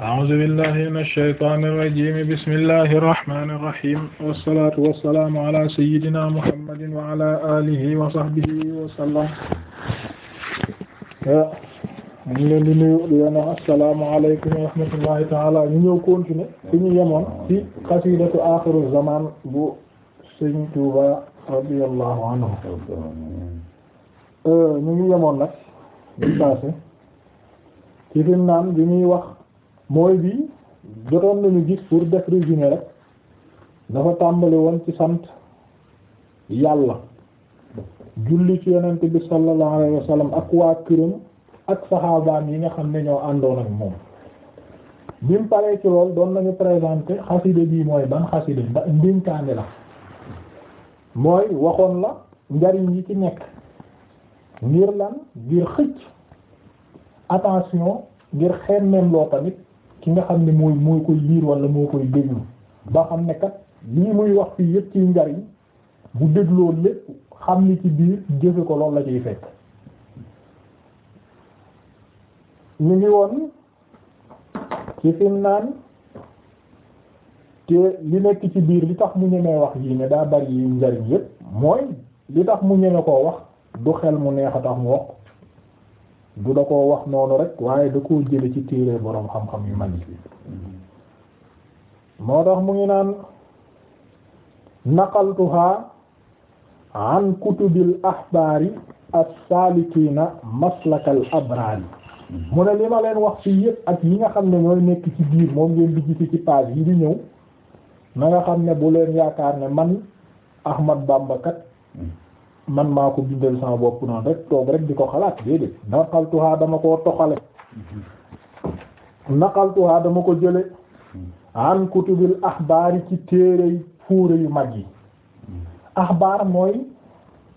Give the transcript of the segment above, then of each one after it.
a'uuzu billahi mina shaytaani rajiim bismillahi rahmaani rahiim wassalaatu wassalaamu ala sayyidina muhammadin wa ala aalihi wa sahbihi wa sallam. Eh, ñu ngi leen di nuyu di leen wax assalaamu aleykum wa rahmatullahi ta'ala ñu ñëw continuer fi ñu yemoon ci xasiidatu aaxiru zamaan bu Sëriñ Tuuba radiyallahu anhu eh, ñu ngi yemoon nag ñu passé ci fi naan bi ñuy wax. mooy bi jotoon nañu gis pour def résumé rek dafa tàmbali woon ci sant yàlla julli ci yonent bi sallallahu alayhi wa ak waa këram ak saxaabaam yi nga xam ne ñoo àndoon ak moom bi mu paree ci lool doon nañu présenté xasida bii mooy ban xasida ba ndinkaane la mooy waxoon la njariñ yi ci nekk ngir lan ngir xëcc attention ngir xemmem loo tamit ki nga xam ne mooy moo koy liir wala moo koy déglu ba xam ne kat lii muy wax fii yëpp ciy njariñ bu dégloo lépp xam ni ci biir jëfe ko loolu la ciy fekk ñu ngi woon ci fim naan te li nekk ci biir li tax mu ñemee wax yii ne daa bari yi njariñ yëpp mooy li tax mu ñeme koo wax du xel mu neex a tax mu wax du da koo wax noonu rek waaye da ko jële ci téere boroom xam-xam yu mag yi moo tax mu ngi naan naqaltuha an kutubil axbaari as-saalikiina maslakal abraari mu ne li ma leen wax fii yëpp ak yi nga xam ne ñooy nekk ci biir moom ngeen di gisi ci page yi di ñëw na nga xam ne bu leen yaakaar ne man Ahmad Bamba kat man maa ko bindal sama bopp noonu rek toog rek di ko xalaat déedéet naqaltuha dama ko toxale naqaltuha dama ko jële an kutubil axbaar yi ci téere yi yu mag yi axbaar mooy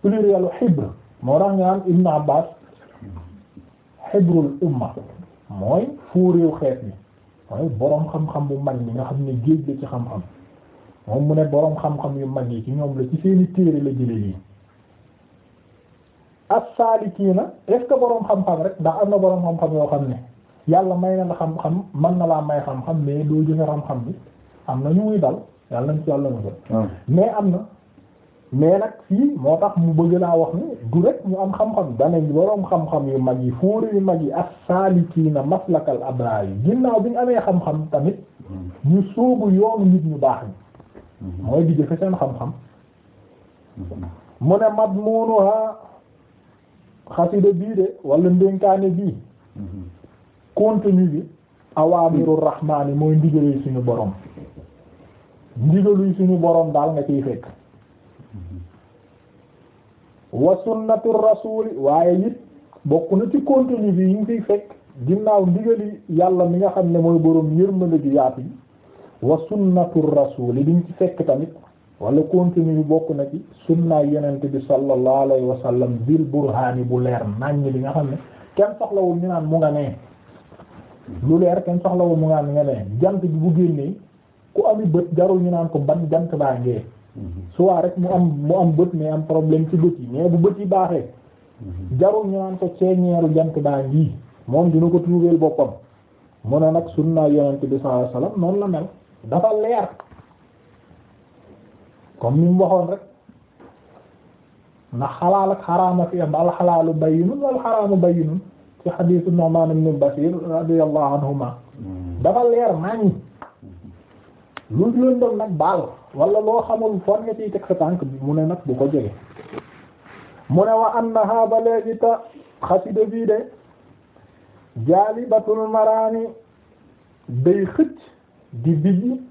plurielu xibr moo tax nga am Ibn Abbas xibrul umma mooy fuureew xeet ni mooy boroom xam-xam bu mag ni nga xam ne géej la ci xam-xam moom mu ne boroom xam-xam yu mag yi ci ñoom la ci seeni téere la jële yi as-saalikiina est ce que borom xam-xam rek ndax am na boroom xam-xam yoo xam ne yàlla may na xam-xam mën na laa may xam-xam mais doo jëfe xam-xam bi am na ñu muy dal yàlla nañ ci yàlla na ah. mais am na mais nag fii moo tax mu bëgg laa wax ne du rek ñu am xam-xam danañ borom xam-xam yu mag yi fóore yu mag yi as-saalikiina maslakal abraar yi ginnaaw bi ñu amee xam-xam tamit ñu sóobu yoonu nit ñu baax ñi mm-hmm. mooy di jëfe seen xam-xam mu ne madmunuha xasida bii de wala ndénkaane bii mhm. contenu bi awaamirur rahmaani mooy ndigaluy suñu borom ndigaluy suñu borom daal nga ciy fekk mhm. wa sunnatur rasul waaye it bokk na ci contenu bi yi ngi fiy fekk ginnaaw ndigali yàlla mi nga xam ne mooy borom yërmande ju yaatu yi wa sunnatur rasul yi ci fekk tamit wala continue bi bokk na ci sunnaay yonent bi sallallahu alayhi wa sallam bil burhaani bu leer naññ li nga xam ne kenn soxlawul ñu naan mu nga nee lu leer kenn soxlawul mu nga nga nee jant bi bu génnee ku ami bët jarul ñu naan ko ban jant baa ngee mhm. soit rek mu am mu am bët mais am problème ci bët yi mais bu bët yi baaxee mhm. jarul ñu naan ko ceeñeeru jant baa ngii moom dina ko trouver boppam mu ne nag sunnaay yonent bi sallallahu alayhi wa la mel dafa leer comme mu waxoon rek ndax xalaal ak xaraama fi am alxalaalu bayyinun wal xaraamu bayyinun ci xadiisu Nu'maan ibn Basiir radiyallahu anhuma hmm. dafa leer nañ lu lëndëm nag baal wala loo xamul fon nga ciy bi mu ne nag bu ko jege mu ne wa anna haaba léegi xasida bii de jaalibatul maraami day xëcc di bijji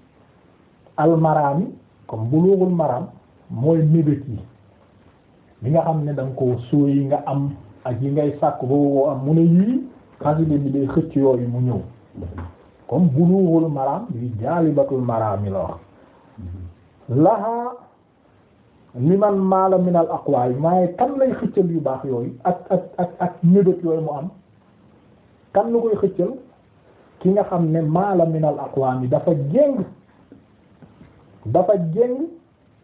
almaraami comme bulughul maram mooy mébét yi li nga xam ne danga ko sóo yi nga am ak yi ngay sàkk boobu am mu ne yii xasida bi day xëcc yooyu mu ñëw comme bulughul maram yi jaalibatul maram la wax laha liman maala minal aqwaay maaye kan lay xëccal yu baax yooyu ak ak ak ak yooyu mu am kan lu koy xëccal ki nga xam ne maala minal aqwaam yi dafa jéng dafa jéng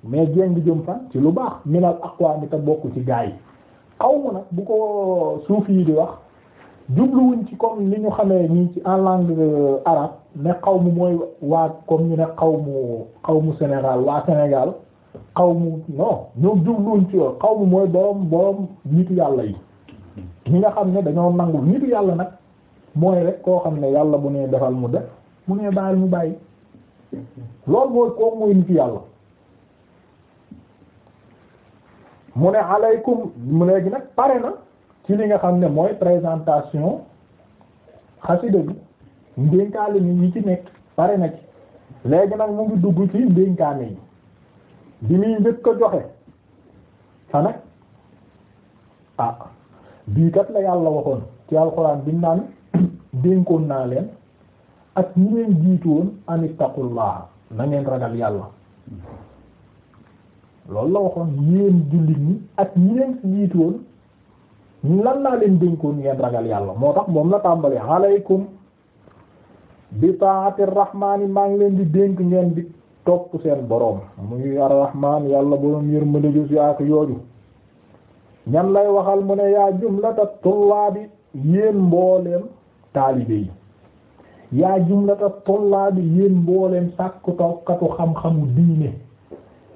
mais jéng jëm fan ci lu baax minal aqwaam bi te bokk ci gaa yi xaw ma nag bu ko suufi yi di wax jubluwuñ ci comme li ñu xamee ñii ci en langue euh, arabe ne xaw mu mooy waa comme ñu ne xaw mu xaw mu Sénégal waa Sénégal xaw mu non ñoom jubluwuñ ci xaw mu mooy borom borom nitu yàlla yi ñi nga xam ne dañoo nangul nitu yàlla nag mooy rek koo xam ne yàlla bu nee defal mu def mu nee bàyyil mu bàyyi loolu mooy kooku mooy nit yàlla mu ne aleykum mu léegi nag pare na ci li nga xam ne mooy présentation xasida bi ndénkaale ni yi ci nekk pare na ci léegi nag mu ngi dugg ci ndénkaane yi bi muy njëkk ko joxe sa nag ah bii yàlla waxoon ci alxuraan naan dénkoon naa leen ak ñi leen jiitu woon an ittaqullah na ngeen ragal yàlla loolu la waxoon yéen jullit ñi ak ñi leen jiitu woon lan naa leen dénkoon ngeen ragal yàlla moo tax moom la tàmbali alaykum bi taati rahmaani maa ngi leen di dénk ngeen di topp seen boroom muy arrahmaan yàlla boroom yërmande ju yaak yooju ñan lay waxal mu ne yaa jumlata tullaabi yéen mbooleem taalibe yi yaa jumlata tollaabi yéen mbooleem sàkku tokkatu xam-xamu diine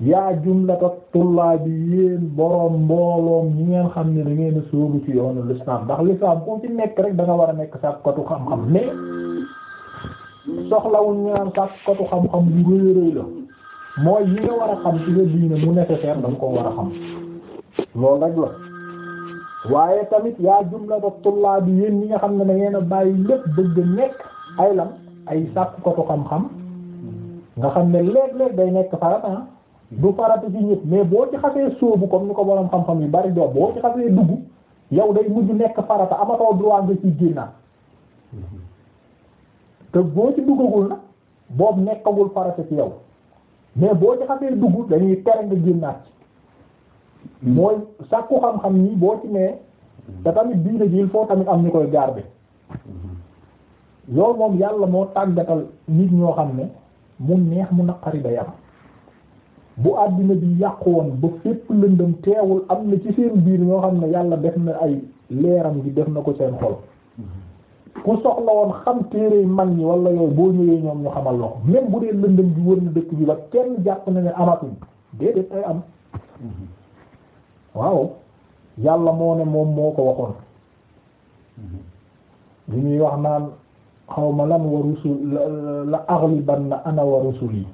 yaa jumlata tollaabi yéen boroom mbooloom ñi ngeen xam ne da ngeen a ci yoonu l'islam ndax l'islam ku ci nekk rek da war a nekk sàkkatu xam-xam mais soxlawul ñaan sàkkatu xam-xam yu rëy rëy la mooy yi nga war a xam ci la diine mu nécessaire da nga ko war a xam loolu rek la waaye tamit yaa jumlata tullaa bi yéen ñi nga xam ne da ngeen a bàyyi lépp bëgg nekk ay lam ay sàkkukatu xam-xam nga xam ne léeg-léeg day nekk farata du farata ci ñëpp mais boo ci xasee sóobu comme ni ko borom xam-xam yu bari doo boo ci xasee dugg yow day mujj nekk farata amatoo droit nga ci génnaat te boo ci duggagul nag boobu nekkagul farata ci yow mais boo ci xasee dugg dañuy tere nga génnaat ci hmm. mooy sàkku xam-xam ni boo ci nee te tamit diine ji il faut tamit am ñu koy garder hmm. loolu moom yàlla moo tàggatal nit ñoo xam ne mu neex mu naqari day am bu àddina bi yàqu woon ba fépp lëndëm teewul am na ci seen biir ñoo xam ne yàlla def na ay leeram gi def na ko seen xol ku soxla woon xam téere mag ñi wala yooyu boo ñëwee ñoom ñu xamal la ko même bu dee lëndëm bi wër na dëkk bi ba kenn jàpp na ne amatuñ déedéet ay am waaw yàlla moo ne moom moo ko waxoon li ñuy wax naan xaw ma lan wa rusul la aghlibanna ana wa rusuli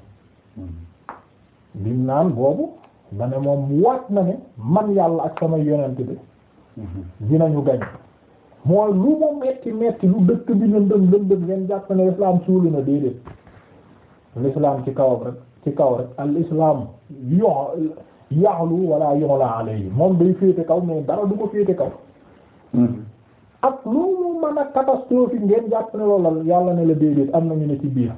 bim naan boobu da ne moom waat na ne man yàlla ak sama yonent bi dinañu gañ mooy lu mu metti metti lu dëkk bi lëndëm lëndëm ngeen jàpp ne islam suulu na déedéet l'islam ci kaw rek ci kaw rek al islam yo yaxlu wala yoxla alayhi moom day féete kaw mais dara du ko féete kaw mm-hmm. ak lu mu mën a catastrophe ngeen jàpp ne loolu yàlla ne la déedéet am na ñu ne ci biir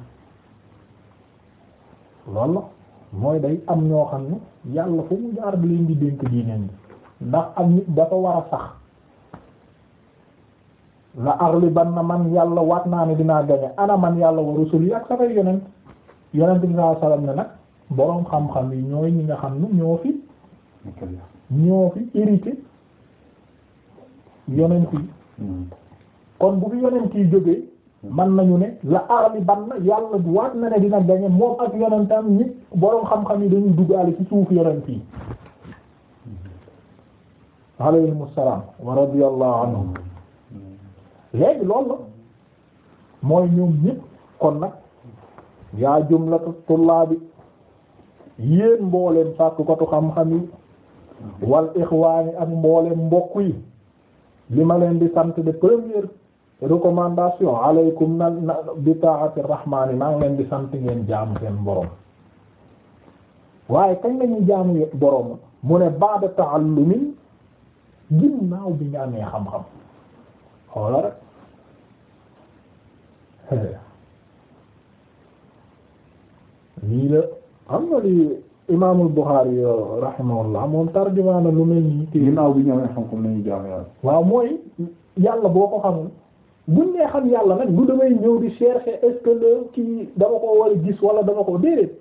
loolu la mooy day am ñoo xam ne yàlla fu mu jaar bi leen di dénk diineen bi ndax am nit dafa war a sax la aghlibanna man yàlla wat naa ne dinaa gañe ana man yàlla wa rusuli ak samay yonent yonent bi sallallahu alayhi wasallam ne nag boroom xam-xam yi ñooy ñi nga xam ne ñoo fi ñoo fi irrité yonent yi kon bu fi yonent yi jógee man nañu ne la arli ban na yàlla waat na ne dina gañe moom ak yonentam ñi boroom xam-xam yi dañuy duggaale ci suuf yeneen yi alayhim assalaam wa radiyallahu anhum léegi loolu la mooy ñoom ñëpp kon nag yaa jumlatu tullaabi yéen mbooleem sàkkukatu xam-xam yi wal ixwaani ak mbooleem mbokk yi li ma leen di sant de première recommandation aleykum na na bi rahmaani maa leen di sant ngeen jaamu seen borom waaye kañ lañuy jaamu borom mu ne ba'da ta'allumi ginnaaw bi nga xam-xam xoola rek lii la am na lii imaamul Buxaari yo rahimahullah moom tarjumaa na lu mel nii. te bi ñëwee xam comme nañu jaam yàlla. waaw mooy yàlla boo ko xamul buñ nee xam yàlla nag bu damay ñëw di chercher est que le kii dama ko war a gis wala dama ko déedéet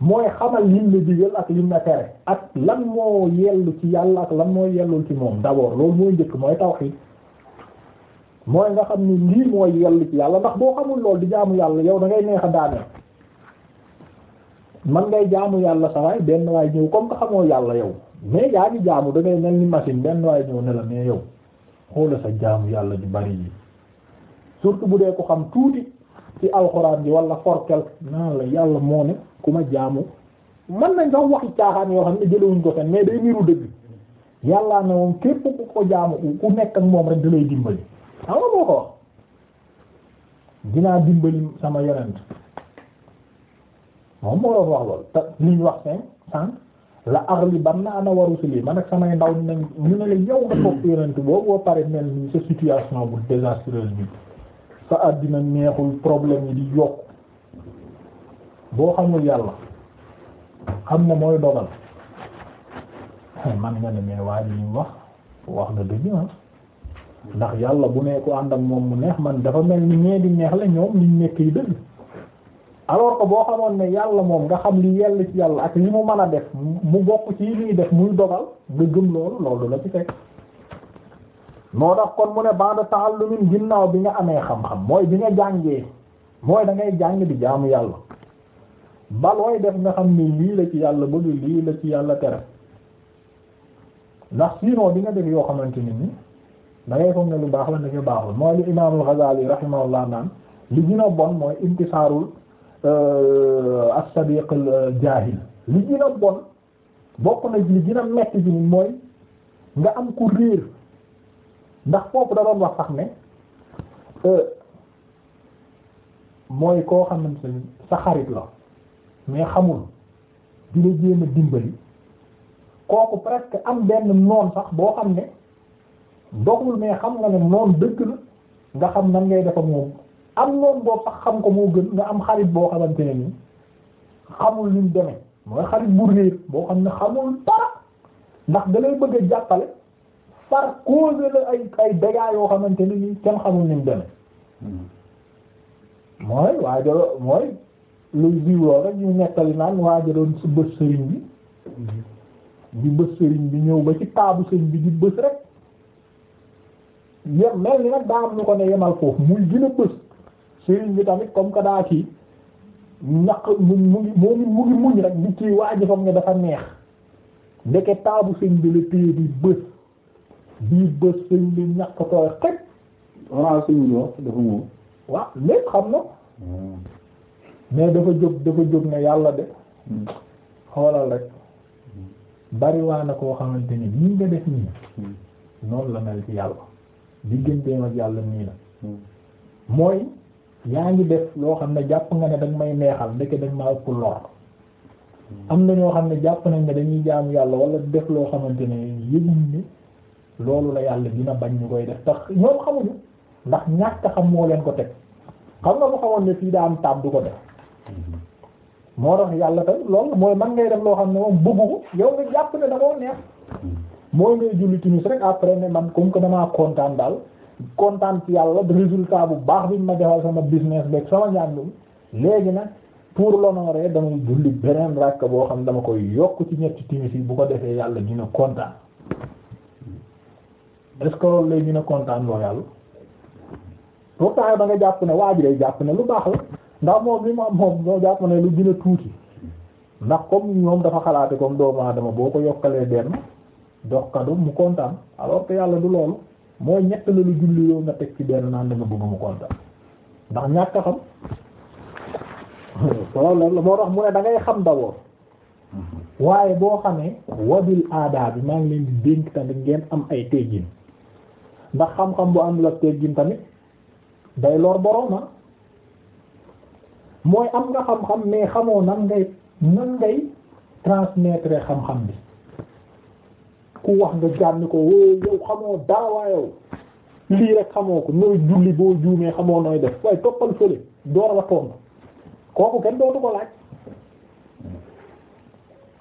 mooy xamal lim la digal ak lim la ak lan moo yellu ci yàlla ak lan moo yellul ci moom d'abord loolu mooy njëkk mooy tawhid mooy nga xam ni lii mooy yellu ci yàlla ndax boo xamul loolu di jaamu yàlla yow da ngay neex daaneel. man ngay jaamu yàlla sa waay benn waay ñëw comme que xamoo yàlla yow mais yaa ngi jaamu da ngay machine benn waay ñëw ne la mais yow xoola sa jaamu yàlla ju bari yi surtout bu dee ko xam tuuti ci alxuraan bi wala forkel naa la yàlla moo ne ku ma jaamu man nañ sax waxi caaxaan yoo xam ne jëlewuñ ko fen mais day niru dëgg yàllaa ne moom képp ku ko jaamu ku nekk ak moom rek da dimbali dinaa dimbali sama yonent moom moo doon wax loolu te li wax cinq cent la arli ban na ana waru si lii man ak samay ndaw nañ ñu ne la yow nga topp yonent boobu boo pare mel ni sa situation bu désastreuse bi sa àddina neexul problème yi di yokk boo xamul yàlla xam na mooy dogal eh, man nga ne mais waa ji ñu wax wax na dëgg ah ndax yàlla bu ne ko ànd ak moom mu neex man dafa mel ni ñee di neex la ñoom liñ nekk yi dëgg alors que boo xamoon ne yàlla moom nga xam li yell ci yàlla ak li mu man a def mu bokk ci li def muy dogal nga gëm loolu loolu la ci fekk moo tax kon mu ne bande ta'allumin ginnaaw bi nga amee xam-xam mooy bi nga jàngee mooy da ngay jàng di jaamu yàlla balooy def nga xam ni lii la ci yàlla bëgg lii la ci yàlla tere ndax sinon di nga def yoo xamante nit ñi da ngay foog ne lu baax la ndeke baaxul mooy li imaamul Ghazali rahimahullah naan li gën bon Euh, as-sadiq al-jaahil li gën a bon bokk na li gën mett metti bi mooy nga am ku réer ndax foofu da doon wax sax ne euh, mooy koo xam ni sa xarit la mais xamul di la a dimbali kooku presque am benn noon sax boo xam ne dogul mais xam nga ne noon dëgg la nga xam nan ngay defa moom am noonu boobu sax xam ko moo gën nga am xarit boo xamante ne nii xamul ni mu demee mooy xarit bu réer boo xam ne xamul dara ndax da bëgg a jàppale par cause la ay ay yoo xamante ne nii kenn xamul ni mu demee mooy waaye mooy luy diwloo rek ñu nettali naan waa da doon si bës sëriñ bi di bës sëriñ bi ñëw ba ci taabu sëriñ bi di bës rek yem mel ni nag daa am ñu ko ne yemal foofu muy gën bës. sëriñ bi tamit comme que daa kii ñaq mu ngi mu ngi mu ngi muñ rek di kii waaji fam ne dafa neex ndeke taabu sëñ bi la téye bi bës bii bës sëñ bi ñaq tooy xëj wala sëñ bi wax dafa moom waaw lépp xam na mais dafa jóg dafa jóg ne yàlla de xoolal rek bariwaa na koo xamante ni nii nga def nii noonu la mel ci yàlla digganteem ak yàlla nii la hmm. mooy yaa ngi def loo xam ne jàpp nga ne dañ may neexal ndeke dañ ma ëpp lor am na ñoo xam ne jàpp nañ ne dañuy jaamu yàlla wala def loo xamante ne yëguñ ni loolu la yàlla dina bañ ñu koy def tax ñoom xamuñu ndax ñàkk xam moo leen ko teg xam nga bu xamoon ne fii daa am du ko def moo tax yàlla tamit loolu mooy man ngay def loo xam ne moom bëggu ko yow nga jàpp ne da koo neex hmm. mooy ngay julli timis rek après ne man comme ko dama kontaan daal. kontaan ci yàlla résultat bu baax bi ma defal sama business beeg sama njàng mi léegi nag pour l'honorer damay julli beneen rakk boo xam dama koy yokk ci ñetti timis bu ko defee yàlla dina kontaan est-ce que loolu lay dina kontaan loo yàlla pourtant da nga jàpp ne waa ji jàpp ne lu baax la ndax moom li mu am moom moo jàpp ne lu gën a tuuti ndax comme moom dafa xalaate comme doomu aadama boo ko yokkalee benn dox kadu mu kontaan alors que yàlla du loolu mooy ñett la lu julli yoo nga teg ci benn naan da nga bëgg mu kontaan ndax ñàkk a xam loolu la moo tax mu ne da xam d'abord waaye boo xamee wabil aadaa bi maa ngi leen di dénk tamit ngeen am ay teggin ndax xam-xam bu am la teggin tamit day lor borom na ah. mooy am nga xam-xam mais xamoo nan ngay nan ngay xam-xam bi ku wax nga jànni ko wóoy yow xamoo dara lii rek xamoo ko nooy julli boo juumee xamoo nooy def waaye toppal fële door la tontu kooku kenn dootu ko laaj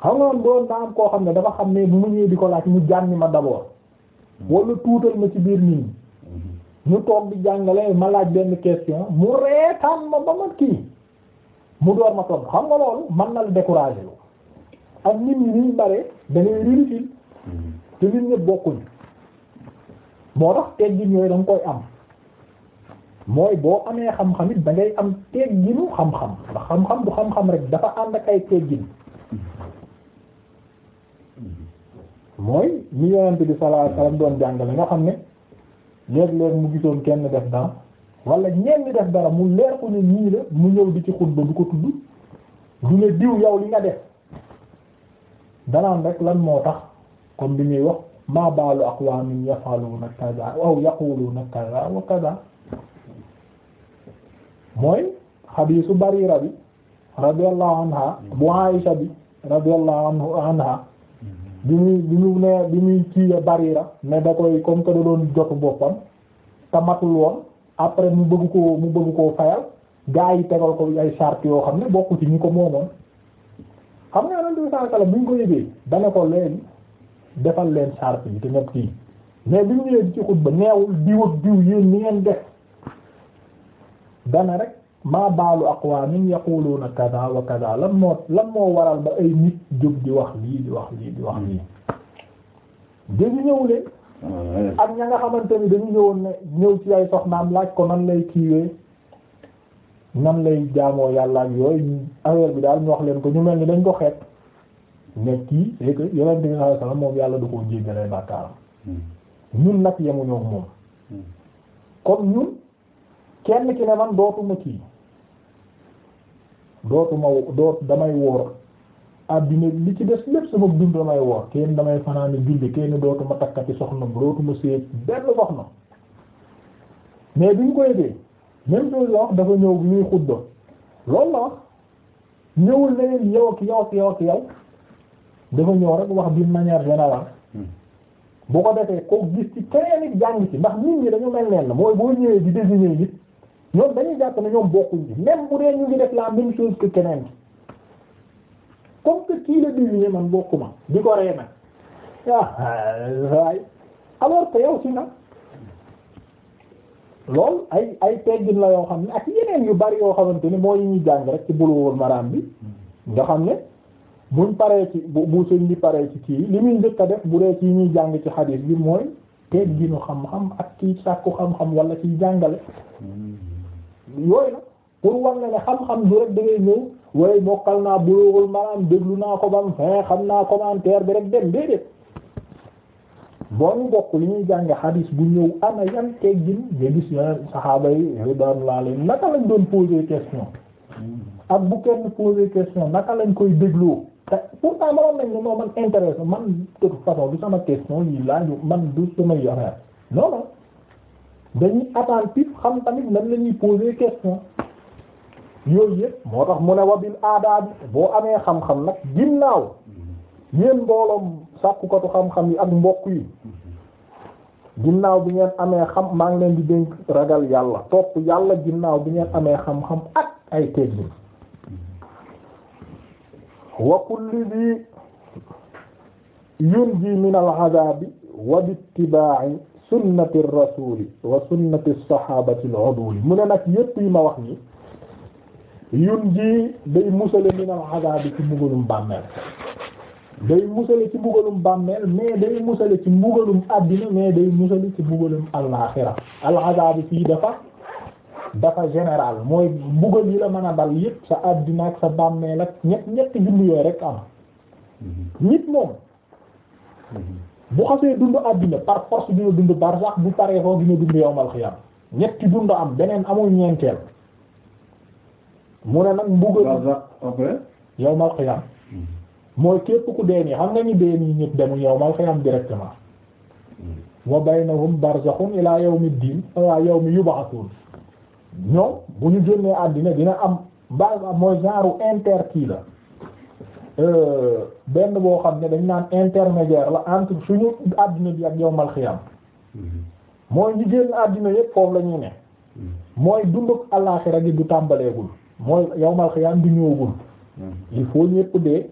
xam nga doon naa am koo xam ne dafa xam ne bu mu ñëwee di ko laaj mu jànni ma d'abord wala tuutal ma ci biir nit ñu toog di jàngale ma laaj benn question mu reetaan ma ba ma kii mu door ma tontu xam nga loolu mën na la décourager ak nit ñi ñuy bare da ngay te nit ñëpp bokkuñu moo tax teggin yooyu da koy am mooy boo amee xam-xam it da ngay am tegginu xam-xam ndax xam-xam du xam-xam rek dafa ànd ak ay teggin mooy ni yonent bi sallallahu alayhi wasallam doon jàngale nga xam ne léeg-léeg mu gisoon kenn def dara wala ñenn def dara mu leer ko ne nii la mu di ci xutba du ko yow li nga def danaan lan moo tax comme bi ñuy wax ma baalu aqwaamin yafaluna kaza aw yaquluna kaza wa kaza mooy xadiisu barira bi radiyallahu anha bu Aisha bi radiyallahu anha bi mu ne bi muy kiiye barira mu bëgg koo fayal gaa yi tegal ko ay charte yoo xam ne bokku ci ñi ko moomoon xam nga yonent bi sallallahu bu ñu ko yëgee dana ko léegi defal leen sart bi te nga mais bi ñu leen ci xutba neewul di ak diw ni ngeen def dana rek maa baalu aqwaamin yaquluuna kaza wa kaza lan moo lan moo waral ba ay nit jóg di wax lii di wax lii di wax lii dañu ñëw leen hmm. ak ña nga xamante ni dañu ñëwoon ne ñëw ci ay soxnaam laaj ko nan lay kiiwee nan lay jaamoo yàlla ak yooyu affaire bi daal ñu wax leen ko ñu mel ni dañ ko xeet nekk kii c'est que yonent bi sallallahu alayhi wasallam moom yàlla da koo jéggalee bàkkaaram ñun nag yemuñoo moom kon ñun kenn ki ne man dootuma kii dootuma doot damay woor àddina li ci des lépp sama dund damay woor kenn damay fanaani julli kenn dootuma takkati soxna dootuma séet benn soxna mais bi ñu ko yëgee même chose la dafa ñëw bi ñuy xutba loolu la wax ñëwul leneen yow ak yow ak yow ak yow dafa ñëw rek wax d'une manière générale hmm. boo ko defee ko gis ci keneen it jàng ci ndax nit ñi dañoo mel na mooy boo ñëwee di désigner nit ñoom dañuy jàpp ne ñoom bokkuñ ci même bu dee ñu ngi def la même chose que keneen comme que kii la désigner man bokkuma di ko ree nag ah waaye alors que si nag lool ay ay teggin la yoo xam ne ak yeneen yu bari yoo xamante ni mooy yi ñuy jàng rek ci buluwul maraam bi hmm. nga xam ne. buñ paree ci bu bu sëñ bi kii li muy njëkk a def bu dee ci ñuy jàng ci xadiis bi mooy teeg gi ñu xam-xam ak ci sàkku xam-xam wala ci jàngale yooyu nag pour war na ne xam-xam du rek da ngay ñëw waaye mokkal naa Bulughul Maram déglu naa ko bam fin xam naa commentaire bi rek dem déedéet boo ñu bokk li ñuy jànge xadiis bu ñëw a yan teggin nga gis ya saxaaba yi ridwanullah leen naka lañ doon poser question hmm. ak bu kenn poser question naka lañ koy dégloo pourtant mënoon nañ ne non man intéressé man de toute façon du sama question yi laaju man du sama affaire non non dañuy attentif xam tamit nan la ñuy question yooyu yëpp moo tax mu ne wabil aadaab boo amee xam-xam nag ginnaaw yéen mbooloom sàkkukatu xam-xam yi ak mbokk yi ginnaaw bi ngeen amee xam maa ngi leen di ragal yàlla topp yàlla ginnaaw bi amee xam-xam ak ay teggin wa kulli bi yunji min al-'adhabi wa bi-ittiba'i sunnati rasuli wa sunnati sahabati al-'uduli mu ne nag yépp yi ma wax ni yunji day musale min al-'adhabi ci mbugalum bàmmeel day musale ci mbugalum bàmmeel mais day musale ci mbugalum àddina mais day musale ci mbugalum al-axira al-'adhabi fii dafa dafa général mooy buggal yi la mën a dal yëpp sa àddina ak sa bàmmeel ak ñett ñetti dund yooyu rek am mhm. nit moom mhm. bu xasee dund àddina par force dina dund bar bu paree foofu dina dund yowmal xiyam ñetti dund am beneen amul ñeenteel mu ne nag mbugal yow xiyam mhm. mooy képp ku dee nii xam nga ñu dee nii ñëpp demul yowmal xiyam directement wa baynahum barzakhun ila yawmid din wa yawmi yub'athun ñoom bu ñu génnee àddina dina am bal mooy genre inter kii la euh, benn boo xam ne dañ naan intermédiaire la entre suñu àddina bi ak yowmal xiyam mm-hmm. mooy ñu génn àddina yépp foofu la ne mm-hmm. mooy dunduk àllaaxira gi du tàmbaleegul mooy yowmal xiyam du ñëwagul mm-hmm. il faut ñépp dee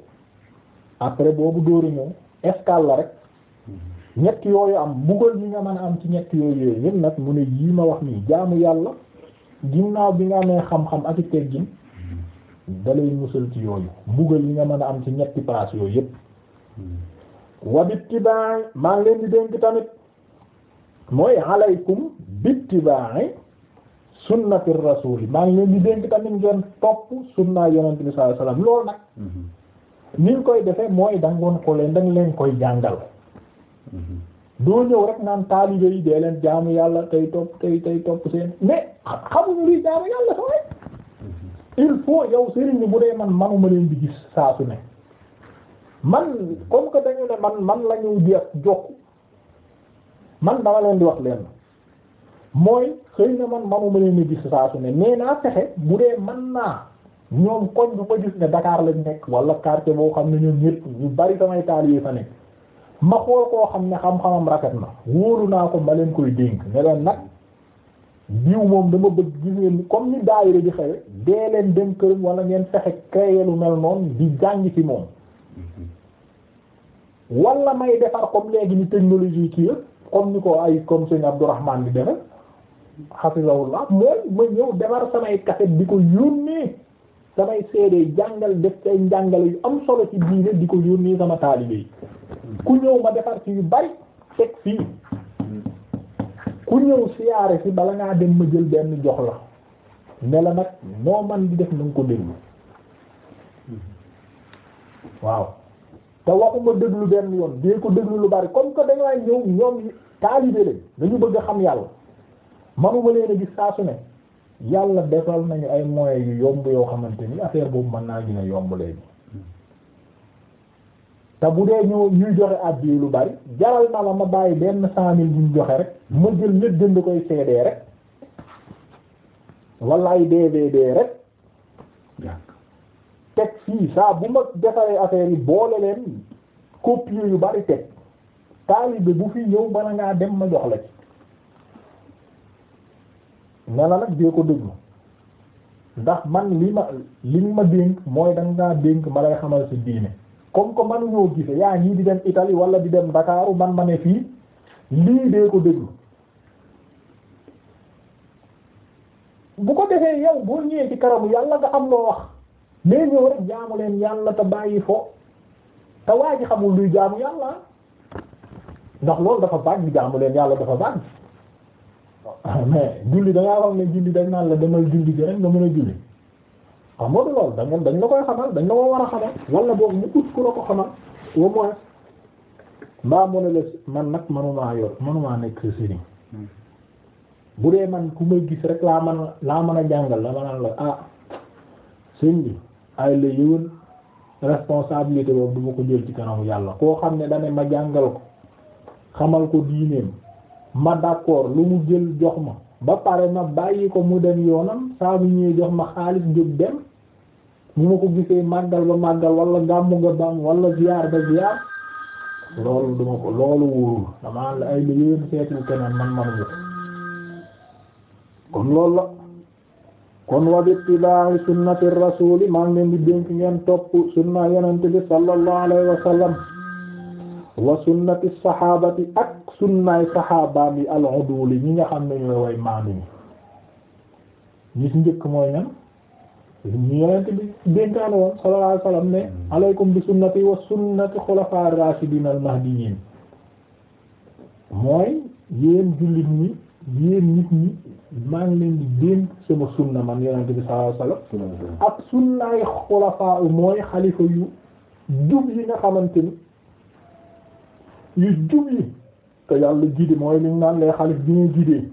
après boobu dóori ñëw escale la rek ñett yooyu am buggal ñi nga mën a am ci ñett yooyu yooyu yépp nag mu ne yii ma wax nii jaamu yàlla ginnaaw bi nga amee xam-xam ak i teggin mm-hmm. dalay musal ci yooyu mbugal yi nga mën a am ci ñetti place yooyu yépp mm-hmm. wabit tibaay maa ngi leen di dénk tamit mooy alaykum bit tibaay sunnati rasuli maa ngi leen di dénk tamit ngeen topp sunna yonent bi sallallahu alayhi wasallam loolu nag mm-hmm. ni koy defee mooy dangoon ko leen dañ leen koy jàngal doo ñëw rek naan taalibe yi dee leen jaamu yàlla tey topp tey tey topp seen mais xamuñu luy jaamu yàlla sa way il faut yow sëriñ bi bu dee man manuma ma di gis saa su ne man comme que dañu ne man man la ñu def jokk leen di wax leen mooy na man manuma leen di gis saa su ne mais naa fexe bu dee man naa ñoom koñ bu ma gis ne Dakar lañ nekk wala quartier boo xam ne ñoom ñëpp ñu bari samay taalibe fa nekk ma xool koo xam ne xam-xamam rafet na wóoru naa ko ma leen koy dénk ne leen nag diw moom dama bëgg gis comme ni daayira di xewe dee leen dem këram wala ngeen fexe créer lu mel noonu di jàng fi moom wala may defar comme léegi ni technologie kii comme ni ko ay comme sëñ Abdourahmane di defe hafizahullah mooy ma ñëw defar samay cassette di ko yónnee samay CD jàngal def ci ay njàngale yu am solo ci diine di ko yónnee sama taalibe yi ku ñëw ma defar ci yu bari teg fii ku ñëw siyaare si bala ngaa dem ma jël benn jox la ne la nag moo man di def na ko déglu waaw te waxuma lu benn yoon dee ko déglu lu bari comme que dangaa ñëw ñoom taalibe lañ dañu bëgg a xam yàlla manuma leen a gis saa su ne yàlla defal nañu ay moyens yu yomb yoo xamante ni affaire boobu mën naa gën a yomb léegi te bu dee ñoo ñuy joxe addi lu bari jaral na la ma bàyyi benn cent mille ñu joxe rek ma jël lépp jënd koy CD rek wala ay DVD rek teg fii saa bu ma defaree affaire yi boole leen copie yu bari teg taalibe bu fi ñëw bala ngaa dem ma jox la ci ne la dee ko déglu ndax man li ma li ma dénk mooy danga dénk ma lay xamal ci diine comme que mënuñoo gise yaa ñii di dem Italie wala di dem Dakaaru man ma ne fii lii dee ko déglu bu ko defee yow boo ñëwee ci karamu yàlla nga am loo wax mais ñëw rek jaamu leen yàlla te bàyyi fo te waa ji xamul luy jaamu yàlla ndax loolu dafa baax ñu jaamu leen yàlla dafa baax ah, mais julli da ngaa wax ne julli dañ naan la demal julli ji rek nga mën a julli xam nga loolu da dañ la koy xamal dañ la ko war a xamal wala boog mu ut ku la ko xamal au moins mbaa mu ne la man nag manumaa yor manuma nekk sëriñ bu dee man ku ma gis rek laa man laa mën a jàngal la la ah sëñ bi ay la yëwén responsabilité boobu du ma ko jël ci kanamu yàlla koo xam ne dane ma jàngal ko xamal ko diineem ma d'accord lu mu jël jox ma ba pare ma bàyyi ko mu dem yoonam saa ñuy jox ma xaalis jóg dem bu ma ko gisee màggal ba màggal wala gàmm ga bam wala ziyaar ba ziyaar loolu duma ko loolu wóorul damaa la ay liggéeyam seetlu keneen man manu kon loolu kon wa ittibaa'i sunnati rasuuli maa ngi leen di ngeen topp sunna yonent bi sallallahu alayhi wa wa sunnati saxaabati ak sunnaay saxaabaam yi al-udul ñi nga xam ne ñooy way maanu ñi gis njëkk mooy ñan yonent bi dénkaane woon sallallahu alayhi wa sallam ne mm. alaykum bi sunnati wa sunnati xulafaa rashidin al mahdiyyin mooy yéen jullit ñi yéen nit ñi maa ngi leen di dénk sama sunna man yonent bi sallallahu alayhi mm. ak sunnaay xulafaa mooy xalifa yu jub yi nga xamante ni yu jub yi te yàlla jiite mooy li ñu naan les bi ñu jiite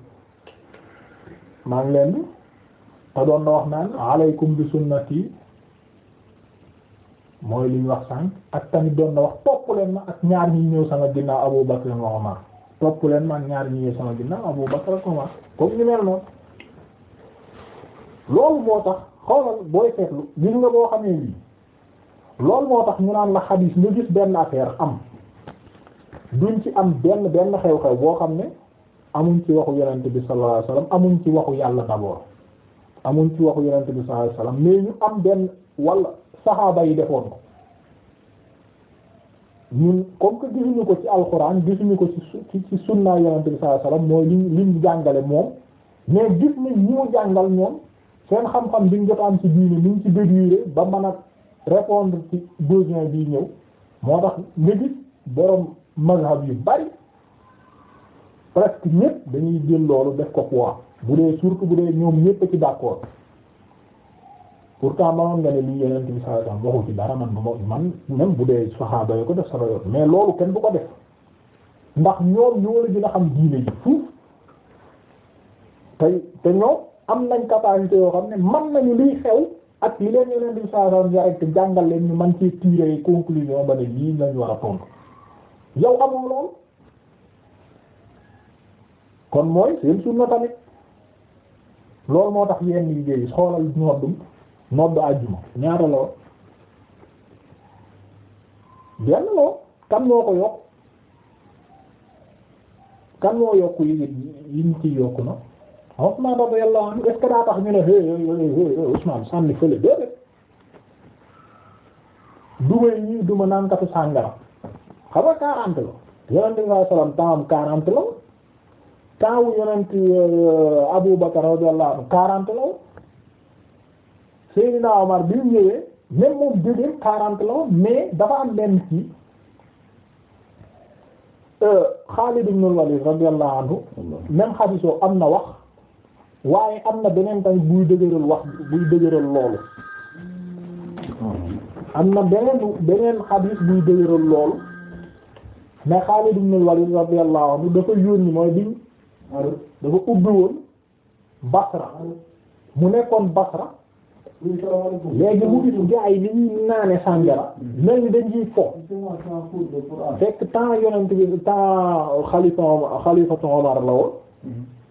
te doon na wax naan aleykum bi sunnati mooy liñ wax sànq ak tamit doon na wax topp leen ma ak ñaar ñi ñëw sama ginnaaw Abu Bakr wa Umar topp leen ma ak ñaar ñi ñëw sama ginnaaw Abu Bakr ak Umar comme ñu mel noonu loolu moo tax xoolal booy seetlu gis nga boo xamee lii loolu moo tax ñu naan la xadiis ñu gis benn affaire am duñ ci am benn benn xew-xew boo xam ne amuñ ci waxu yonent bi sallallahu alayhi amuñ ci waxu yàlla d'abord amuñ ci waxu yonent bi sallallahu alayhi wasallam mais ñu am benn wala saxaaba yi defoon ko ñun comme que gisuñu ko ci alxuraan gisuñu ko ci ci sunna yonent bi sallallahu alayhi mooy li ñu jàngale moom mais gis nañ ñu mu jàngal ñoom seen xam-xam biñ jot am ci diine niñ ci déduire ba mën a répondre ci besoin bii ñëw moo tax nga gis borom mazhab yu bari presque ñépp dañuy jël loolu def ko poids bu dee surtout bu dee ñoom ñépp ci d'accord pourtant manoon nga ne lii yeneen bi saa tam waxu ci dara man man même bu dee saxaaba yi ko def sama yoon mais loolu kenn bu ko def ndax ñoom ñoo la gën a xam diine ji fuuf tey te am nañ capacité yoo xam ne man nañu liy xew ak yi leen yeneen bi saa tam jàngal leen ñu man ci tirer conclusion ba ne lii lañ war a tontu yow amoo lool kon mooy seen sunna tamit loolu moo tax yenn liggéey yi xoolal noddum noddu àjjuma ñaata la woon benn loo kan moo ko yokk kan moo yokk yi yi ñu ciy yokk na Usmaan radiyallahu anhu est-ce que daa tax ñu ne é sànni fële déedéet duma yi ñuy duma naan sàngara xam nga quarante la yonente bi sallallahu la taawu yonent euh, Abu Bakar radiyallahu anhu quarante la woon Seydina Omar bi mu ñëwee même moom déedéet quarante la mais dafa am benn ci euh, Xaalid ibn Walid radiyallahu anhu même xadiso am na wax waaye am na beneen tamit buy dëgëral wax buy dëgëral loolu am na beneen beneen xadis buy dëgëral loolu mais Xaalid ibn Walid radiyallahu anhu dafa yónni mooy biñ dafa ubbi woon Basra mu nekkoon Basra léegi mu gis gaa yi ni ñuy naane sàngara mel ni dañuy fo fekk temps yonent bi temps xalifa Omar la woon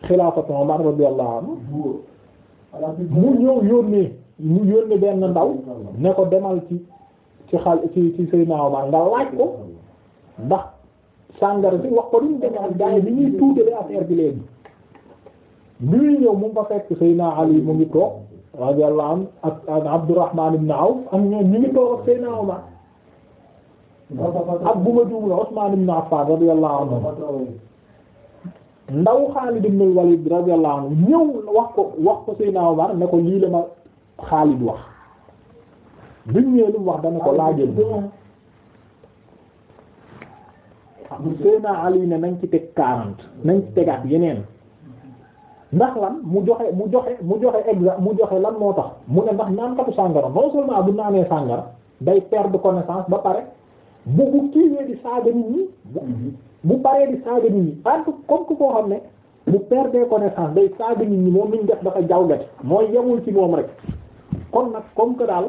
xilaafatu Omar radiyallahu mu ñëw yónnee mu yónnee benn ndaw ne ko demal ci ci xal ci ci Seydina Omar nga laaj ko ndax sàngara bi wax ko ni mu demee ak gars ni ñuy tuutale affaire bi léegi bi muy ñëw mu ngi fa fekk Seydina Ali mu ngi toog radiyallahu anhu ak ak Abdurrahman ibn Awf ak ñoom ñu ngi toog ak Seydina Omar ak bu ma juum la Usman ibn Affan radiyallahu anhu ndaw Xaalid ibn Walid radiyallahu anhu ñëw wax ko wax ko Seydina Omar ne ko lii ma Xaalid wax bi mu lu wax dana ko laajee. Seydina Ali ne nañ ci teg quarante nañ ci tegaat yeneen ndax lan mu joxe mu joxe mu joxe exemple mu joxe lan moo tax mu ne ndax naankatu sàngara non seulement bu naanee sàngara day perdre connaissance ba pare bu bu kiiwee di saaga nit ñi bu paree di saaga nit ñi en tout comme que koo xam ne bu perdre connaissance day saaga nit ñi moom niñ def dafa jawgati mooy yemul ci moom rek kon nag comme que daal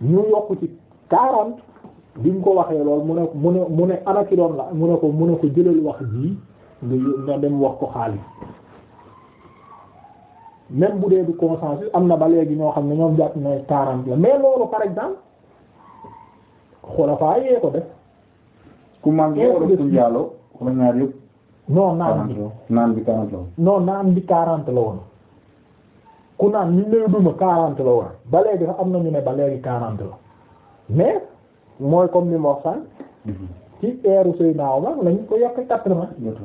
ñu yokk ci quarante bi mu ko waxee lool mu ne mu ne mu ne ana ki doon la mu ne ko mu ne ko jëlal wax ji nga dem wax ko xaalis même bu dee bi consensus am na ba léegi ñoo xam ne ñoom jàpp na quarante la mais loolu par exemple xulafaa yee ko def. ku màgg wala ku njaaloo wala ñaar yëpp. non naan bi naan bi quarante la woon. naan bi quarante la woon ku naan ñu ba léegi sax am na ñu ne ba léegi quarante la mais. mooy comme ni ma wax sànq mhm. ci eeru Seydina Omar lañ ko yokk quatre-vingt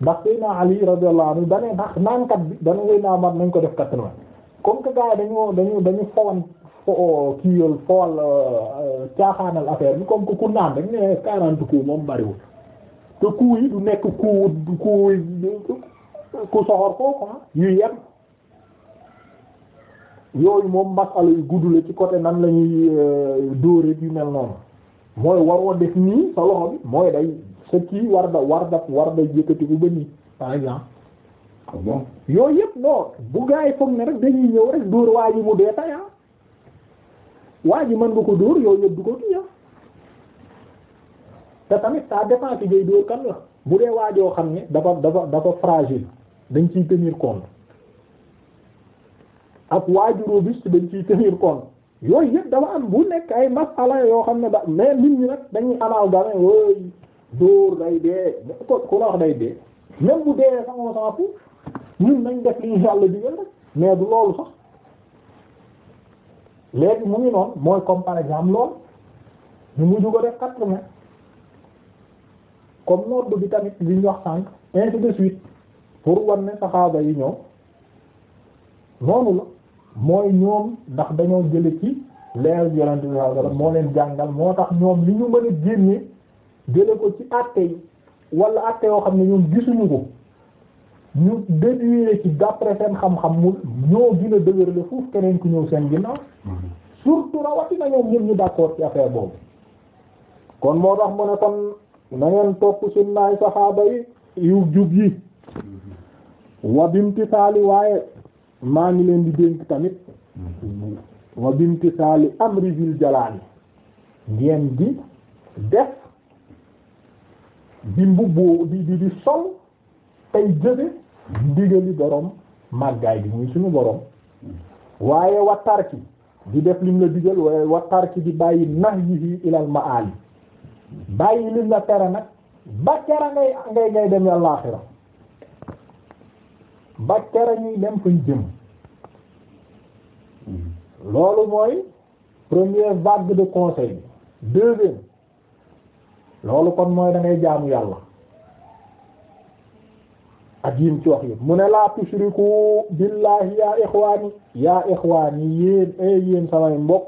ndax Seydina Ali radiyallahu anhu danee ndax naankat bi dana Seydina Omar nañ ko def quatre-vingt comme que gars dañu dañu dañu fowan fo kii yool fowal euh, caaxaanal affaire bi comme que ku naan rek ne quarante coups moom bariwul te coups yi du nekk coups coups ku soxor foofu ah, yu yem yooyu moom masala yu gudd la ci côté nan la ñuy euh, dóoréet yu mel noonu mooy waroo def nii sa loxo bi mooy day sa kii war da war da war da yëkkati bu ba nii par exemple ah yooyu yëpp non bu gars yi foog ne rek dañuy ñëw rek dóor waa ji mu dee taya waa ji mën nga ko dóor yooyu yëpp du ko kii ah. te tamit ça dépend ci dóor kan la bu dee waajoo xam ne dafa dafa dafa fragile dañ ciy tenir compte ak waajuroo bis dañ ciy tenir compte yooyu yëpp dafa am bu nekk ay masala yoo xam ne da mais nit ñi nag dañuy anaaw dame wooy dóor day dee ko ku la wax day dee même bu dee sax on s'en fout nañ def li ñu yàlla digal rek mais du loolu sax léegi mu ngi noonu mooy comme par exemple loolu ñu mujj ko def quatre-vingts comme nord bi tamit li ñu wax sànq ainsi de suite pour wan ne saxaaba yi ñëw noonu la mooy ñoom ndax dañoo jële ci leer yonente bi sallallahu alayhi wasallam moo leen jàngal moo tax ñoom li ñu mën a génne jële ko ci àtte yi wala àtte yoo xam ne ñoom gisuñu ko ñu déduire ci d'après seen xam-xam mu ñoo gën a dëgërale foofu keneen ku ñëw seen ginnaaw surtout rawatina ñoom ñun ñu d'accord ci affaire boobu kon moo tax mu ne kon na ngeen topp sunnaay saxaaba yi yu jub yi wa bimtisaali waaye maa ngi leen di dénk tamit wa binti saali amri bil jalaani ngeen di def di mbubboo di di di sol tey jëfe ndigali borom màggaay bi muy suñu borom waaye wattar ci di def lim la digal waaye wattar ci di bàyyi nax yi ilal ma aali bàyyi lim la tere nag ba kera ngay ngay ngay dem àllaxira ba kera ñuy dem fuñ jëm loolu mooy première vague de conseil bi deuxième loolu kon mooy da jaamu yàlla ak yim ci wax yëpp mu ne laa tushriku billahi yaa ixwaani yaa ixwaani yéen ay eh, yéen samay mbokk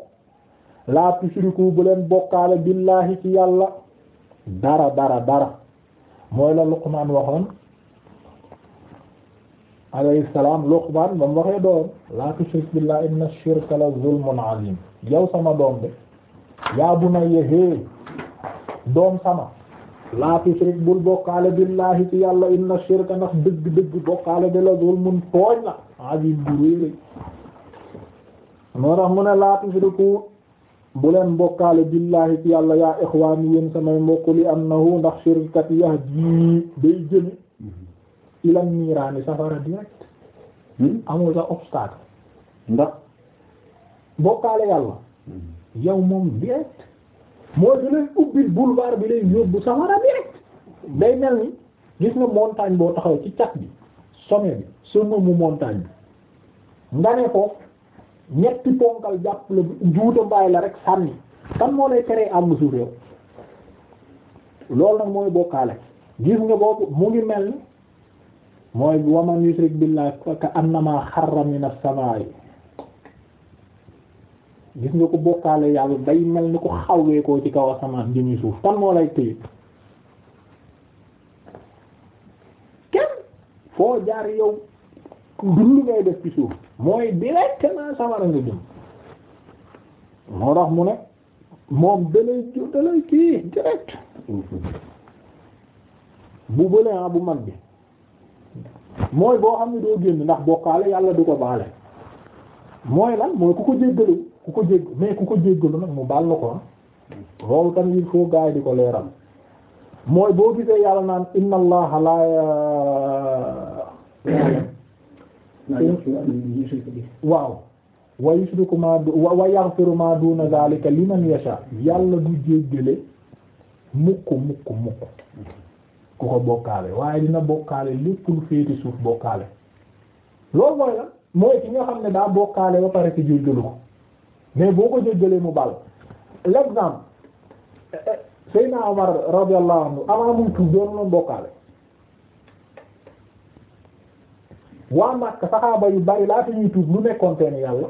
laa tushriku bu leen bokkaale billahi ci yàlla dara dara dara mooy la Luqmaan waxoon alayhi salaam Luqmaan doom laa tushrik billahi inna shirka la zulmun azim yow sama doom de yaa bunayya hee doom sama laa tushrik bul bokkaale billahi ci yàlla inna shirka ndax dëgg dëgg bokkaale bi la zulmun tooñ la azim bu réere moo tushriku bu bokkaale billahi ci yàlla yaa ixwaani yéen samay mbokk li annahu ndax shirkat yahdi day jëme ilan niiraani safara direct hmm? amul sax obstacle ndax bokkaale yàlla hmm. yow moom direct mooy du leen ubbil boulevard bi lay yóbbu safara direct day mel ni gis nga montagne boo taxaw ci cat bi sommet bi sommet mu montagne bi nga ne ko ñetti ponkal jàpp la juuta mbaay la rek sànni kan moo lay teree am suuf yow loolu nag mooy bokkaale gis nga boobu mu ngi mel ni mooy waman yushrik billahi ka annama xarra min as-samaa'i gis nga ko bokkaale yàlla day mel ni ko xawwee koo ci kaw asamaan jëmi suuf tan moo lay téye kenn foo jaar yow dullu ngay def ci suuf mooy directement sawara nga jëm moo tax mu ne moom dalay dalay kii direct bu bële ah, bu mag bi mooy boo xam ne doo génn ndax bokkaale yàlla du ko baale mooy lan mooy ku ko jéggalu ku ko jégg ko jéggalu nag mu baal na ko loolu tamit il di ko leeral mooy boo gisee yàlla naan inna allaha la waaw wa ma wa yaghfiru ma duna zalika liman yasha yàlla du jéggale mukk mukk mukk ku ko bokkaale waaye dina bokkaale lépp lu féete suuf bokkaale loolu mooy la mooy ki nga xam ne daa bokkaale ba pare ci jéggalu ko mais boo ko jéggalee mu bal l'exemple Seydina Omar radiyallahu anhu avant muy tuub doon noonu bokkaale waa Makka saxaaba yu bari laata ñuy tuub lu nekkoon teen yàlla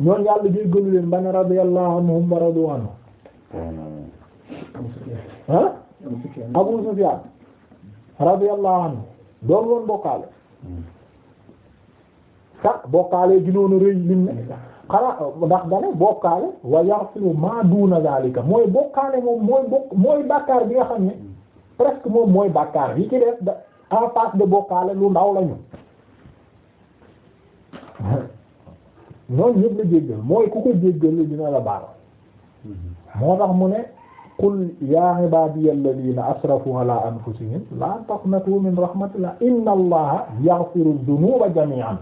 ñoon yàlla jéggalu leen ba ne radiyallahu anhum wa radu anhu ah Abu Sufyan radiyallahu anhu doon woon bokkaale sax bokkaale ginoonu rëy lim ne xanaa ndax dane bokkaale wa yaghfiru ma duna zalika mooy bokkaale mooy bokk mooy bi nga xam ne presque moom mooy bàkkaar bi ci def da en face de bokkaale lu ndaw lañu mooy ku ko jéggal dina la baal moo tax mu ne qul yaa ibaadiya alladina asrafu ala anfusihim la taqnatu min rahmatillah inna allaha yaghfiru dunuba jami'an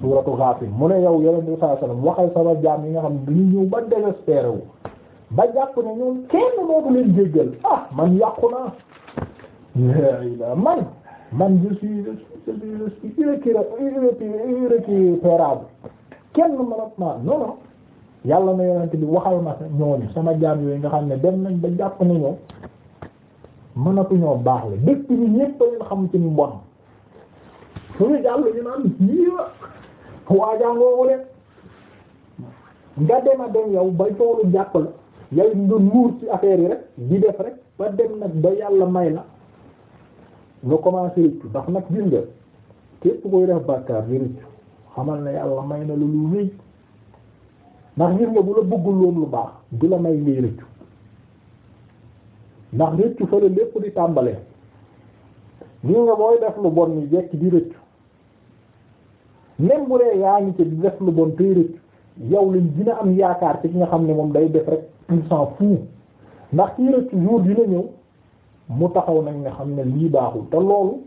suuratu Ghaafir mu ne yow yonent bi sallallahu alayhi wasallam waxal sama jaam yi nga xam ne dañu ñëw ba désespéré wu ba jàpp ne ñoom kenn moobu leen jéggal ah man yàqu naa la man man je suis je suis je suis irrécupérable kenn mënat naa non non yàlla na yonent bi waxal ma ñooñu sama jaam yooyu nga xam ne dem nañ ba jàpp ne ñoom mënatuñoo baax la dëkk bi ñépp leen xam ci mbon su ñu jàll ñu naan yiiwa waajangoowu leen nga dem a dem yow ba toolu jàpp la yow nga nuur ci affaire rek di def rek ba dem nag ba yàlla may na nga commencé rëccu nag gis nga képp koy def bàkkaar di rëccu xamal ne yàlla may na lu lu rëy ndax ngir nga bu la bëggul woon lu baax du la may ngay rëccu ndax rëccu fa la lépp di tàmbalee ngir nga booy def lu bon ni jekk di rëccu même bu dee yaa ngi ci di def lu bon tey rëccu yow lañ dina am yaakaar ci ki nga xam ne moom day def rek il s'en fout ndax kii rëccu jour dina ñëw mu taxaw nañ nga xam ne lii baaxul te loolu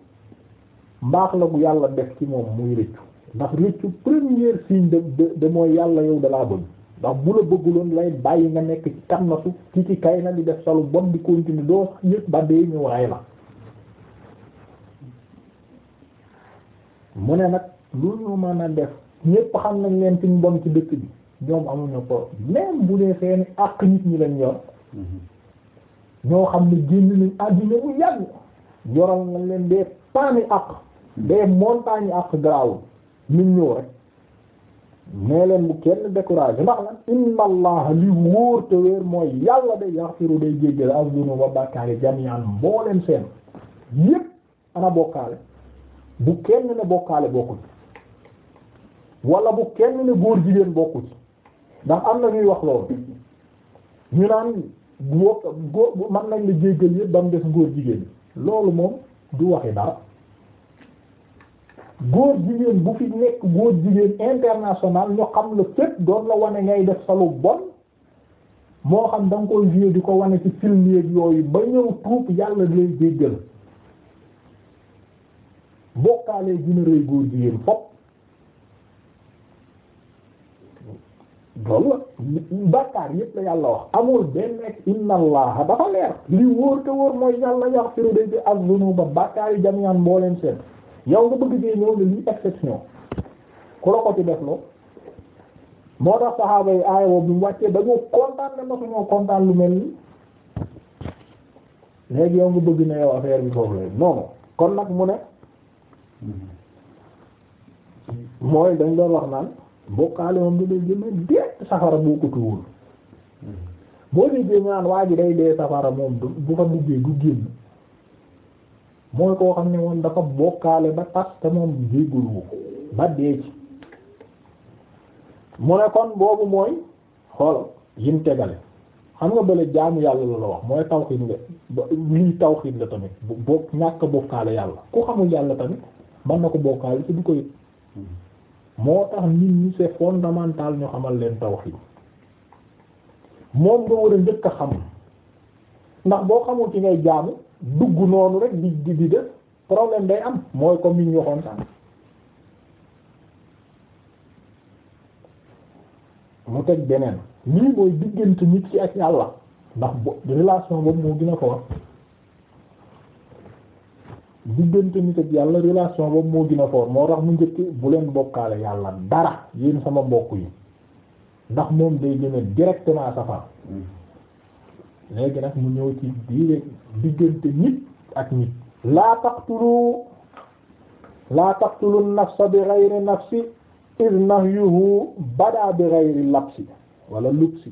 mbaax la bu yàlla def ci moom muy rëccu ndax réccu première signe de de de mooy yàlla yow dalaa bëgg ndax bu la bëgguloon lay bàyyi nga nekk ci kam na su ci ci kay na di def salu bon di continuer doo yëg ba dee ñu waay la mu ne nag loolu ñu mën a def ñépp xam nañ leen ci bon ci dëkk bi ñoom amuñu ko même bu dee seeni àq nit ñi lañ yor ñoo xam ne génn nañ àddina bu yàgg yoral na leen des paani àq des montagnes àq garaawul nit ñëw rek nee leen bu kenn découragé ndax lan inna allah li wóor te wéer mooy yàlla day yaxfiru day jéggale azunu ba bàkkaari jami'an mbooleem seen yépp ana bokkaale bu kenn ne bokkaale bokku ci wala bu kenn ne góor jigéen bokku ndax am na ñuy wax loolu ñu naan góor góor mën nañ la jéggal yépp ba mu des góor jigéen loolu moom du waxi dara góor jigéen bu fi nekk góor jigéen international ñu xam la fépp doon la wane ngay def sa lu bon moo xam da nga koy jouer di ko wane ci film yeeg yooyu ba ñëw tuub yàlla lay jéggal bokkaalee gën a rëy góor jigéen fop loolu bàkkaar yépp la yàlla wax amul benn nekk inna allaha dafa leer li wóor te wóor mooy yàlla yaxfiru day bi az-zunuba bàkkaar yi jami'an mbooleen seen yow nga bëgg dee ñëw ne lii exception ku la ko ci def loo moo tax saxaaba yi aaya boobu bi mu wàccee dañoo kontaan ne ma suñoo kontaan lu mel ni léegi yow nga bëgg ne yow affaire bi foofu la non kon nag mu ne mooy dañ doon wax naan bokkaale moom da lay jëme dee safara boo ko tuwul hmm. boo déggee naan waa ji day dee safara moom bu fa duggee du génn mooy koo xam ne moom dafa bokkaale ba tas te moom jéggulu ba dee ci mu ne kon boobu mooy xool yim tegale xam nga bële jaamu yàlla la la wax mooy tawxiid nga lii tawxiid la tamit bo ñàkk bokkaale yàlla ku xamul yàlla tamit mën na ko bokkaale ci du ko yëg moo tax nit ñi c'est fondamental ñu xamal leen tawxiid moom nga war a njëkk a xam ndax boo xamul ci ngay jaamu dugg noonu rek di di di problème day am mooy comme ni ñu waxoon sànq mu teg beneen lii mooy diggante nit ki ak yàlla ndax bo relation boobu moo gën a fort diggante nit ak yàlla relation boobu moo gën a fort moo tax mu njëkk bu leen bokkaale yàlla dara yéen sama mbokk yi ndax moom day gën a directement safar léegi nag mu ñëw ci diine diggante nit ak nit laa taqtulu laa taqtulu nafsa bi ghayri nafsi iz nahyuhu bada bi ghayri labsi wala lubsi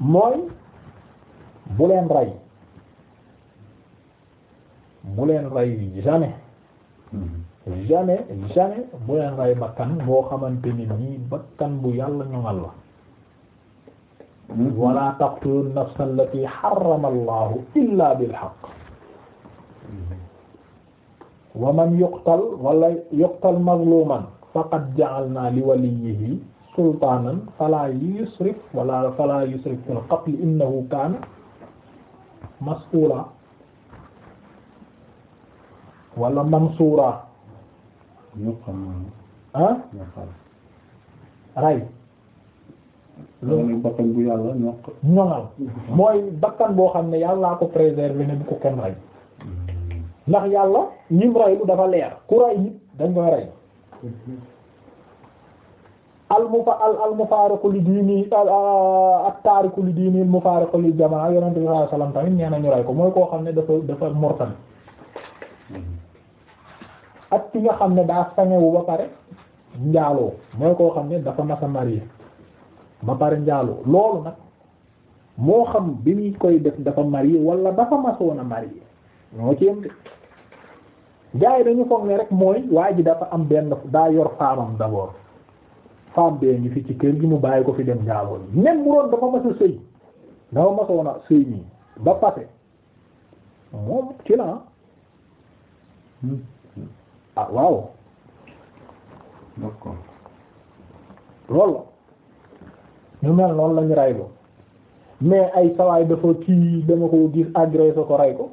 mooy bu leen rey bu leen rey jamais jamais jamais bu leen rey bakkan boo xamante ni nii bakkan bu yàlla ñoŋal la wala taqtulu nafsa allati harrama allahu illa bil haqq wa man yuqtal wala yuqtal mazluman faqad ja'alna li waliyyihi sultaanan fala yusrif wala fala yusrif fil qatl innahu kaana mas'uula wala mansuura ah ray loolu bakkan mooy bakkan boo xam ne yàllaa ko préserver ne bu ko kenn rey ndax yàlla ñim reylu dafa leer ku rey nit dañ koy rey al mu fa al al mufaariqu li diini at taariqu li diini mufaariqu li jamaa yonent bi sallallahu alayhi tamit nee na rey ko mooy koo xam ne dafa dafa mortal ak ki nga xam ne daa sañewu ba pare njaaloo mooy koo xam ne dafa masa ma pare njaaloo loolu nag moo xam bi muy koy def dafa marié wala dafa masoon a marié ñoo ci yem de gars dañu foog rek mooy waa ji dafa am benn daa yor faamam d'abord faam bee ngi fi ci kër gi mu bàyyi ko fi dem njaaloo yi même bu doon dafa mas a sëy dafa masoon sëy nii ba pase moom ci la ah. Ah, waaw d'accord la ñu mel noonu lañu rey ko mais ay sawaay dafa kii dama ko gis agressé ko rey ko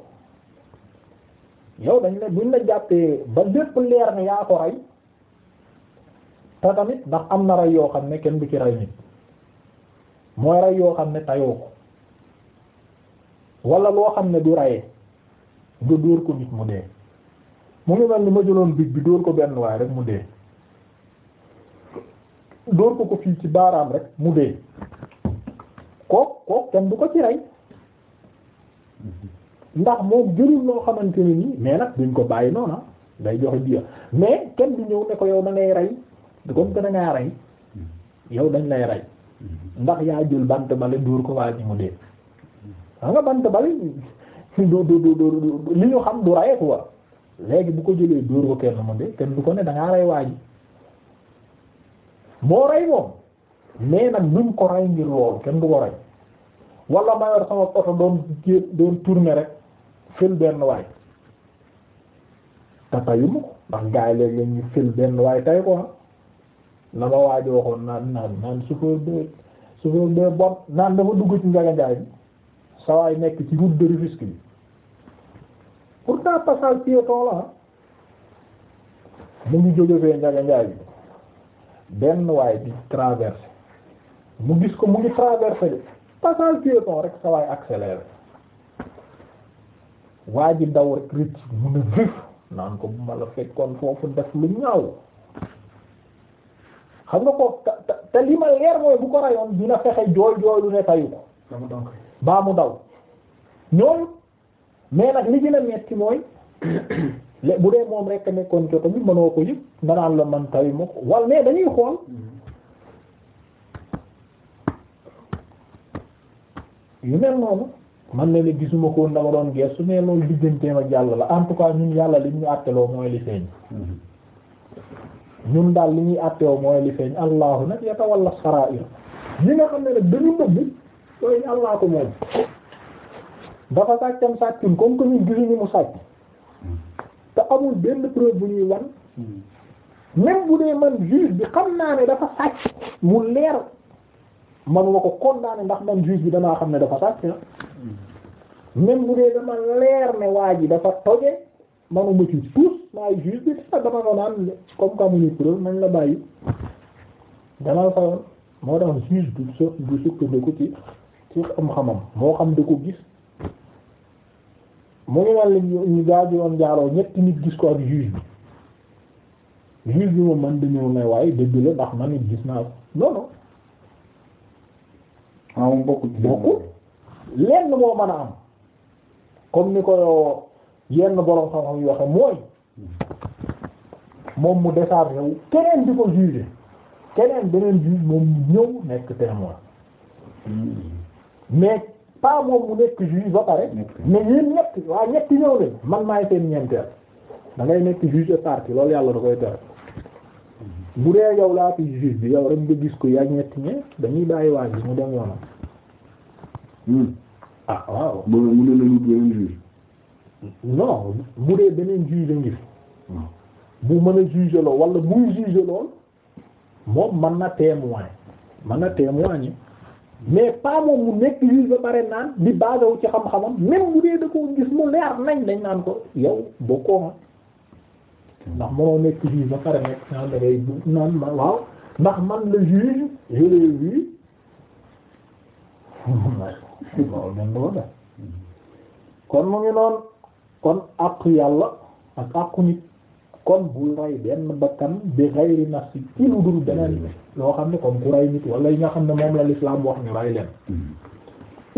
yow dañ la buñ la jàppee ba lépp leer na yaa ko rey te tamit ndax am na rey yoo xam ne kenn du ci rey nit mooy rey yoo xam ne tayoo ko wala loo xam ne du reyee nga dóor ko nit mu dee mu ngi mel ni ma jëloon big bi dóor ko benn waay rek mu dee dóor ko ko fii ci baaraam rek mu dee kook kook kenn du ko ci rey ndax moom jëlul loo xamante ni nii mais nag duñ ko bàyyi noona ah, day joxe diya mais kenn du ñëw ne ko yow da ngay rey comme que da ngaa rey yow dañ lay rey ndax yaa jël bant bale dóor ko waa ji mu dee xam nga bant bale du du du du li ñu xam du rey quoi léegi bu ko jëlee dóor ko kenn mu dee kenn du ko ne da rey waa moo rey moom mais nag buñ ko rey ngir loolu kenn du ko rey wala ma yor sama oto doon doon rek fël benn waay te tayu ma ko ndax gaa yi léeg-léeg ñu fël benn waay tay ko na ah. ma waaj waxoon naan naan naan chauffeur de chauffeur bon naan dafa dugg ci Ndiaga Ndiaye bi sa nekk ci route de Rufisque bi pourtant passage piéton la ah. mu ngi jóge fee Ndiaga bi benn waay di traversé mu gis ko mu ngi traversé bi passage piéton rek sa waay accéléré waa ji daw rek rëcc mu ne vif naan ko bu ma la fekkoon foofu def lu ñaaw xam nga ko te li ma leer mooy bu ko rayoon dina fexe jooy jooy lu ne tayu ko baa mu daw ñooñu mais nag li gën a metti mooy lé bu dee moom rek nekkoon ci tamit mënoo ko yëg nanaan la man tawi ma ko wal mais dañuy xool mm-hmm. yu mel noonu man ne la gisuma koo dama doon gestu mais loolu digganteem ak yàlla la en cas ñun yàlla li ñu àtteloo mooy li feeñ mm-hmm. ñun daal li ñuy àtteewoo mooy li feeñ allahu nag yatawalla sarair ñi nga xam ne nag dañu nëbb yooyu allah moom dafa sàccam sàccun comme que ñun gisuñu mu sàcc amul benn preuve bu ñuy wan même bu dee man juge bi xam naa ne dafa sàcc mu leer manuma ko condamné ndax man juge bi damaa xam ne dafa sàcc na même bu dee dama leer ne waa ji dafa toje manuma ci tous maay juge bi sax ah, dama ko naan comme que amuñu preuve nañ la bàyyi danaa fa moo tax juge du so du sukkandiku ci ci am xamam moo xam da ko gis mu ngi mel ni ñu gaaju jaaroo ñetti nit gis ko ak juge bi juge bi moom man dañoo ne waaye dëgg la ndax man it gis naa ko non non. ah moom bokkul bokkul lenn moo mën a am comme ni ko yenn borom xam-xam yu waxe mooy moom mu déchargé wu keneen di ko jugé keneen beneen juge moom ñëw nekk témoin hmm. mais. pas moom mu nekk juge ba pare mais yéen ñett waa ñetti ñëw leen man maay seen ñeenteel da ngay nekk juge et partie loolu yàlla da tere bu dee yow laa fi juge bi yow rek nga gis ko yaag ñetti ñe dañuy bàyyi waa ji mu dem yoonam hmm. ah waaw mu ne nañu beneen juge non bu dee beneen juge a ngi hmm. bu mën a juge lool wala muy juge lool moom mën na témoin mën na témoin mais pas moom mu nekk juge ba pare naan di baagaw ci xam-xamam même bu dee da ko gis mu leer nañ dañ naan ko yow bokkoo ma ndax mënoo nekk juge ba pare nekk naan ma waaw ndax man la juge je l'ai kon mu ngi noonu kon àqu yàlla ak àqu nit kon bul rey benn bakkan bi xayri nafsi ci lu dul beneen loo xam ne comme ku rey nit wala yi nga xam ne moom la lislaam wax ñu rey leen hmm.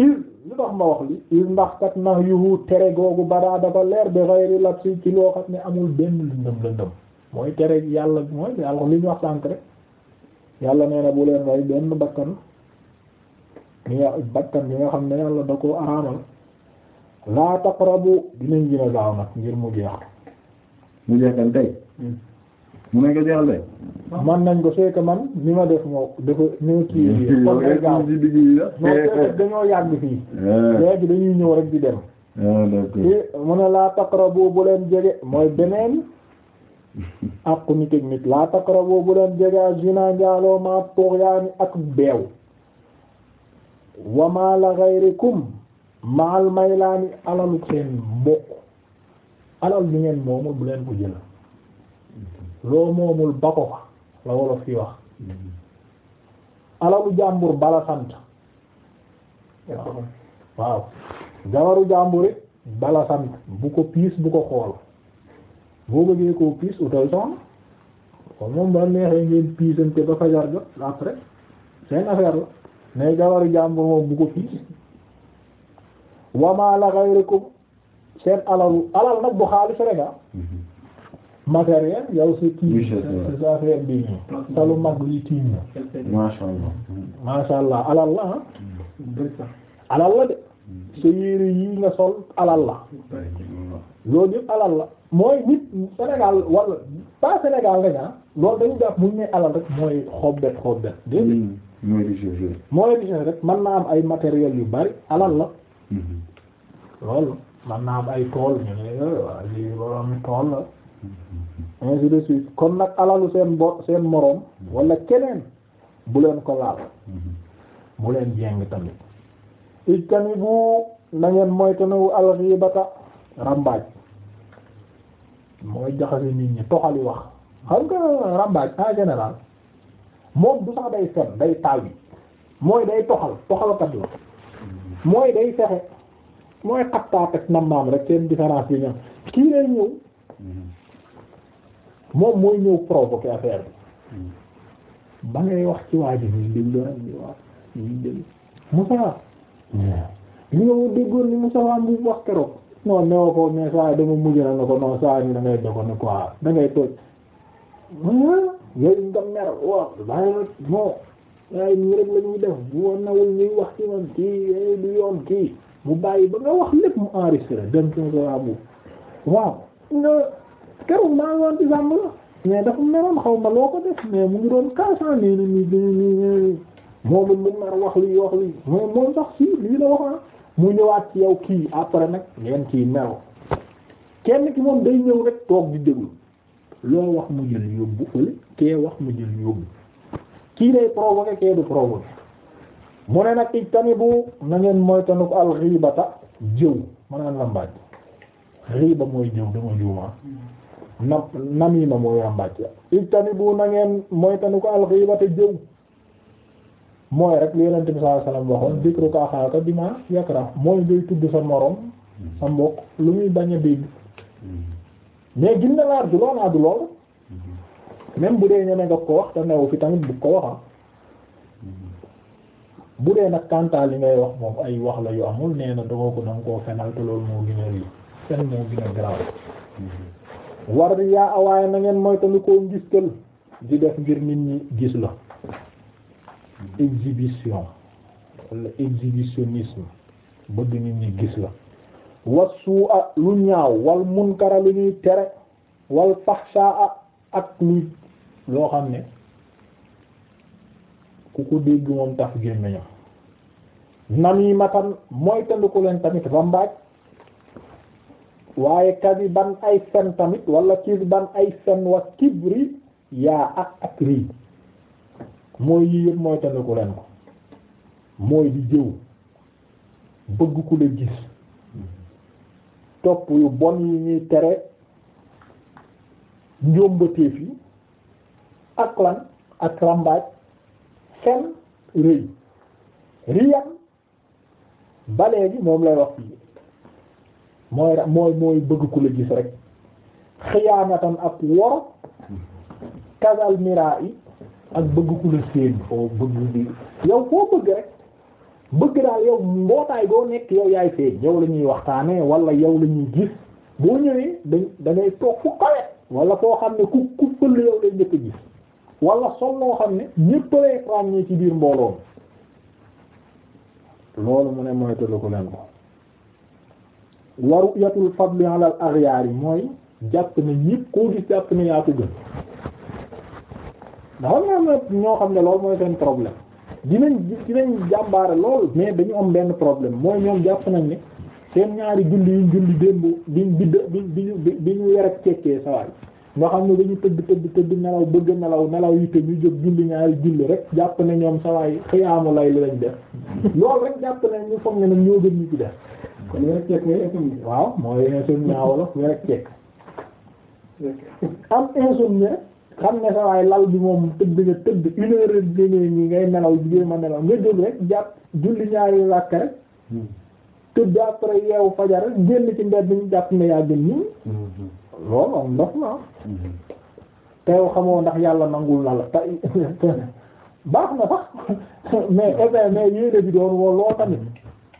il lu tax ma wax li il ndax kat nax yuhu tere googu badaa dafa leer bi xayri nafsi ci xam ne amul benn lëndëm lëndëm mooy tere yàlla mooy yàlla li ñu wax sànk rek yàlla nee na bu leen rey benn bakkan li nga bakkan bi nga xam ne yàlla da koo araamal laa taqrabu dinañ gën gaaw nag ngir mu jeex mu jeexal hmm. nekk jeexal tey ah. man nañ ko c'est man ni ma def moo dafa ñëw kii comme dañoo yàgg fii ah. léegi dañuy ñëw rek di dem ah, mu ne laa taqrabu bu leen jege mooy beneen àqu nit ak nit laa taqrabu bu leen jege ak zina njaaloo ma tughyaani ak beew wa ma la ghayrikum ma al maylaani alalu seen mbokk alal bi ngeen moomul bu leen ko jël loo moomul ba ko fa la wolof fi wax alalu jàmbur bala sant waaw waaw jawaru bala sant bu ko piis bu ko xool boo bëggee koo piis utal soxna kon moom ba neexee ngeen piisante ba fajar jot après seen affaire la mais jawaru jàmbur moom bu ko piis wamaa la xayrikum seen alalu alal nag bu xaalis rek ah mhm. matériel yow sa kii sa affaire bi sa lu mag li tiim na masha Allah alal la ah mhm. alal la de mhm. sa yére yi nga sol alal la loolu yëpp alal la mooy nit Sénégal wala pas Sénégal rek ah loolu dañu jàpp muñ ne alal rek mooy xobbet xobbet dégg mooy richesse mooy richesse rek mën naa am ay matériel yu bari alal la loolu man naa am ay tool ñu ne eh, waa lii kon nag alalu seen bo moroom wala keneen bu leen ko laal bu leen jeng tamit bu na ngeen moytanu alxibata rambaaj mooy jaxase nit ñi toxali wax xam nga rambaaj en général moom du sax day fen day taal bi mooy day toxal toxalkat la mooy day fexe mooy xattaat ak nammaam rek seen différence bi ñoom kii lay ñëw moom mooy ñëw provoquer affaire bi ba ngay wax ci waa ji ñuy wax ñuy déglu Moussa ñu nga mu déggoon ni Moussa waa mu wax keroog non newa ko mais mujj na ne ko non saa ni da ngay doko ne quoi da ngay toj rek la def bu woon nawul ñuy wax ci man kii eh, du yoon kii mu bàyyi ba nga wax lépp mu enregistré dem ci nga waaw nga keroog maa ngi woon sàmm la mais dafa meroon xaw ma loo ko def mais mu ngi doon kaasa nii nii nii moomu mu nar wax lii wax lii moom moom sax si lii la ah. mu ñëwaat ci yow kii après nag ngeen kii mero kenn ki moom day ñëw rek toog di déglu loo wax mu jël yóbbu fële kee wax mu jël yóbbu kii day provoquer kee du provoquer mu ne nag ijtanibu na ngeen moytandiku alxiibata jëw ma naan ràmbaaj xiiba mooy jëw dama juuma nam namima mooy ràmbaaj ijtanibu na ngeen moytandiku alxiibata jëw mooy rek li Yonent bi sallallahu alayhi wasallam waxoon dikru ka axaaka bimaa yakrah mooy ngay tudd sa morom sa mbokk lu muy bañ a dégg mais gis laar du lool naa ah, du bu dee ñeme nga ko wax te newu fi tamit bu ko waxa ah. bu dee nag kanta li ngay wax moom ay wax la yu amul nee na dogoo ko danga koo fenal te loolu moo gën a fen moo gën a war yaa awaaye na ngeen mooy tamit koo gis tël di def ngir nit ñi gis la exhibition wala exhibitionnisme bëgg nit ñi gis la was suu a lu ñaaw wal munkara lu ñuy tere wal faxsha ak lu loo xam ne ku ko dégg moom taf gémmiñam namimatan mooy tënd ko leen tamit rambaaj waaye kabi ban ay fen tamit wala kis ban ay fen wa kibri yaa ak ak rii mooy yii mooy tënd ko leen ko mooy di jëw bëgg ku la gis topp yu bon yi ñuy tere njóombateef yi ak lan ak rambaaj fen rëy riyan ba léegi moom lay wax fii mooy mooy mooy bëgg ku la gis rek xiyaanatan ak wor kasal miraa yi ak bëgg ku la séen foo bëgg di yow foo bëgg rek bëgg daal yow mbootaay doo nekk yow yaay feeñ yow la ñuy waxtaanee wala yow lañuy ñuy gis boo ñëwee da da toog fu kawe wala foo xam ne ku ku fël yow lay njëkk a gis wala sol loo xam ne ñépp lay ñi ci biir mbooloo loolu mu ne moytalu ko leen ko waru yatul fadli alal ariyaar yi mooy jàpp ne ñépp koo gis jàpp ne yaa ko gën dafa naa ne ñoo xam ne loolu mooy seen problème dinañ dinañ jàmbaare lool mais dañu am benn problème mooy ñoom jàpp nañ ne seen ñaari julli yuñ julli démb biñ bidd biñ biñu bi ñu wer ak cekkee sawaay nga xam ne dañu tëdd tëdd tëdd nelaw bëgg nelaw nelaw yi te ñu jóg julli ñaari julli rek jàpp ne ñoom sawaay xiyaamu lay lañ def loolu rek jàpp ne ñu foog ne nag ñoo gën ñu ci def kon wér ceek mooy insomnie waaw xam ne sawaay lal bi moom tëdd nga tëdd une heure dénee ñi ngay nelaw jigéen ma nelaw nga jóg jàpp julli ñaari ràkk rek hmm. tëdd après yeewu fajar génn ci mbedd ñu jàpp ne yaa gën ñi hmm, hmm. loolu am ndox la te xamoo ndax yàlla nangul na la te baax na sax mais eve eh mais yéene bi doon woo lool tamit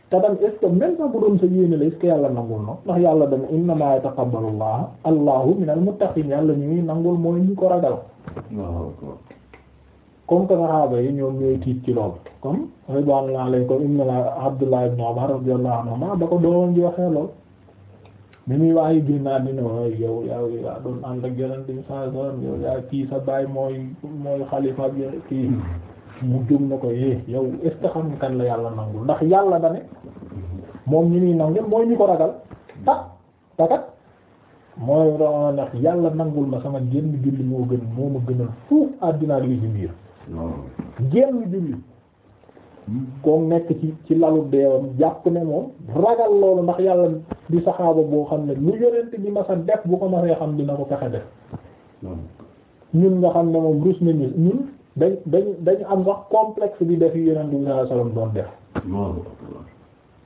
te dam est ce que même sax bu doon sa yéene la est ce yàlla nangul na ndax yàlla dama innamaa yataqabbalu allah allahu minal muttaqin yàlla ñuy nangul mooy ñu ko ragal comme que saxaaba yi ñoom ñooy tiit ci lool comme ridwanullahi alayhi comme ibn abdullah ibn umar radiyallahu anhuma ba ko doon ji waxee lool mi muy waaye génnaat ni oh, ne waaye yow yow yaa doon ànd ak yeneen di saa soxna yow kii sa baay mooy mooy xalifa bi kii mu jóg na ko yee eh, yow est ce kan la yàlla nangul ndax yàlla da ne moom ñu muy nangul mooy ñu ko ragal ah takat mooy ron ndax yàlla nangul ma sama génn julli moo gën moo ma gënal fuuf àddina li ci biir génn julli koo nekk ci ci lalu deewam jàpp ne moom ragal loolu ndax yàlla di saxaaba boo xam ne lu yonent bi masa def bu ko masee xam dina ko fexe def ñun nga xam ne moom rus nañu ñun dañ dañ dañ am sax complexe bi def yu yonent bi sallallahu alayhi doon def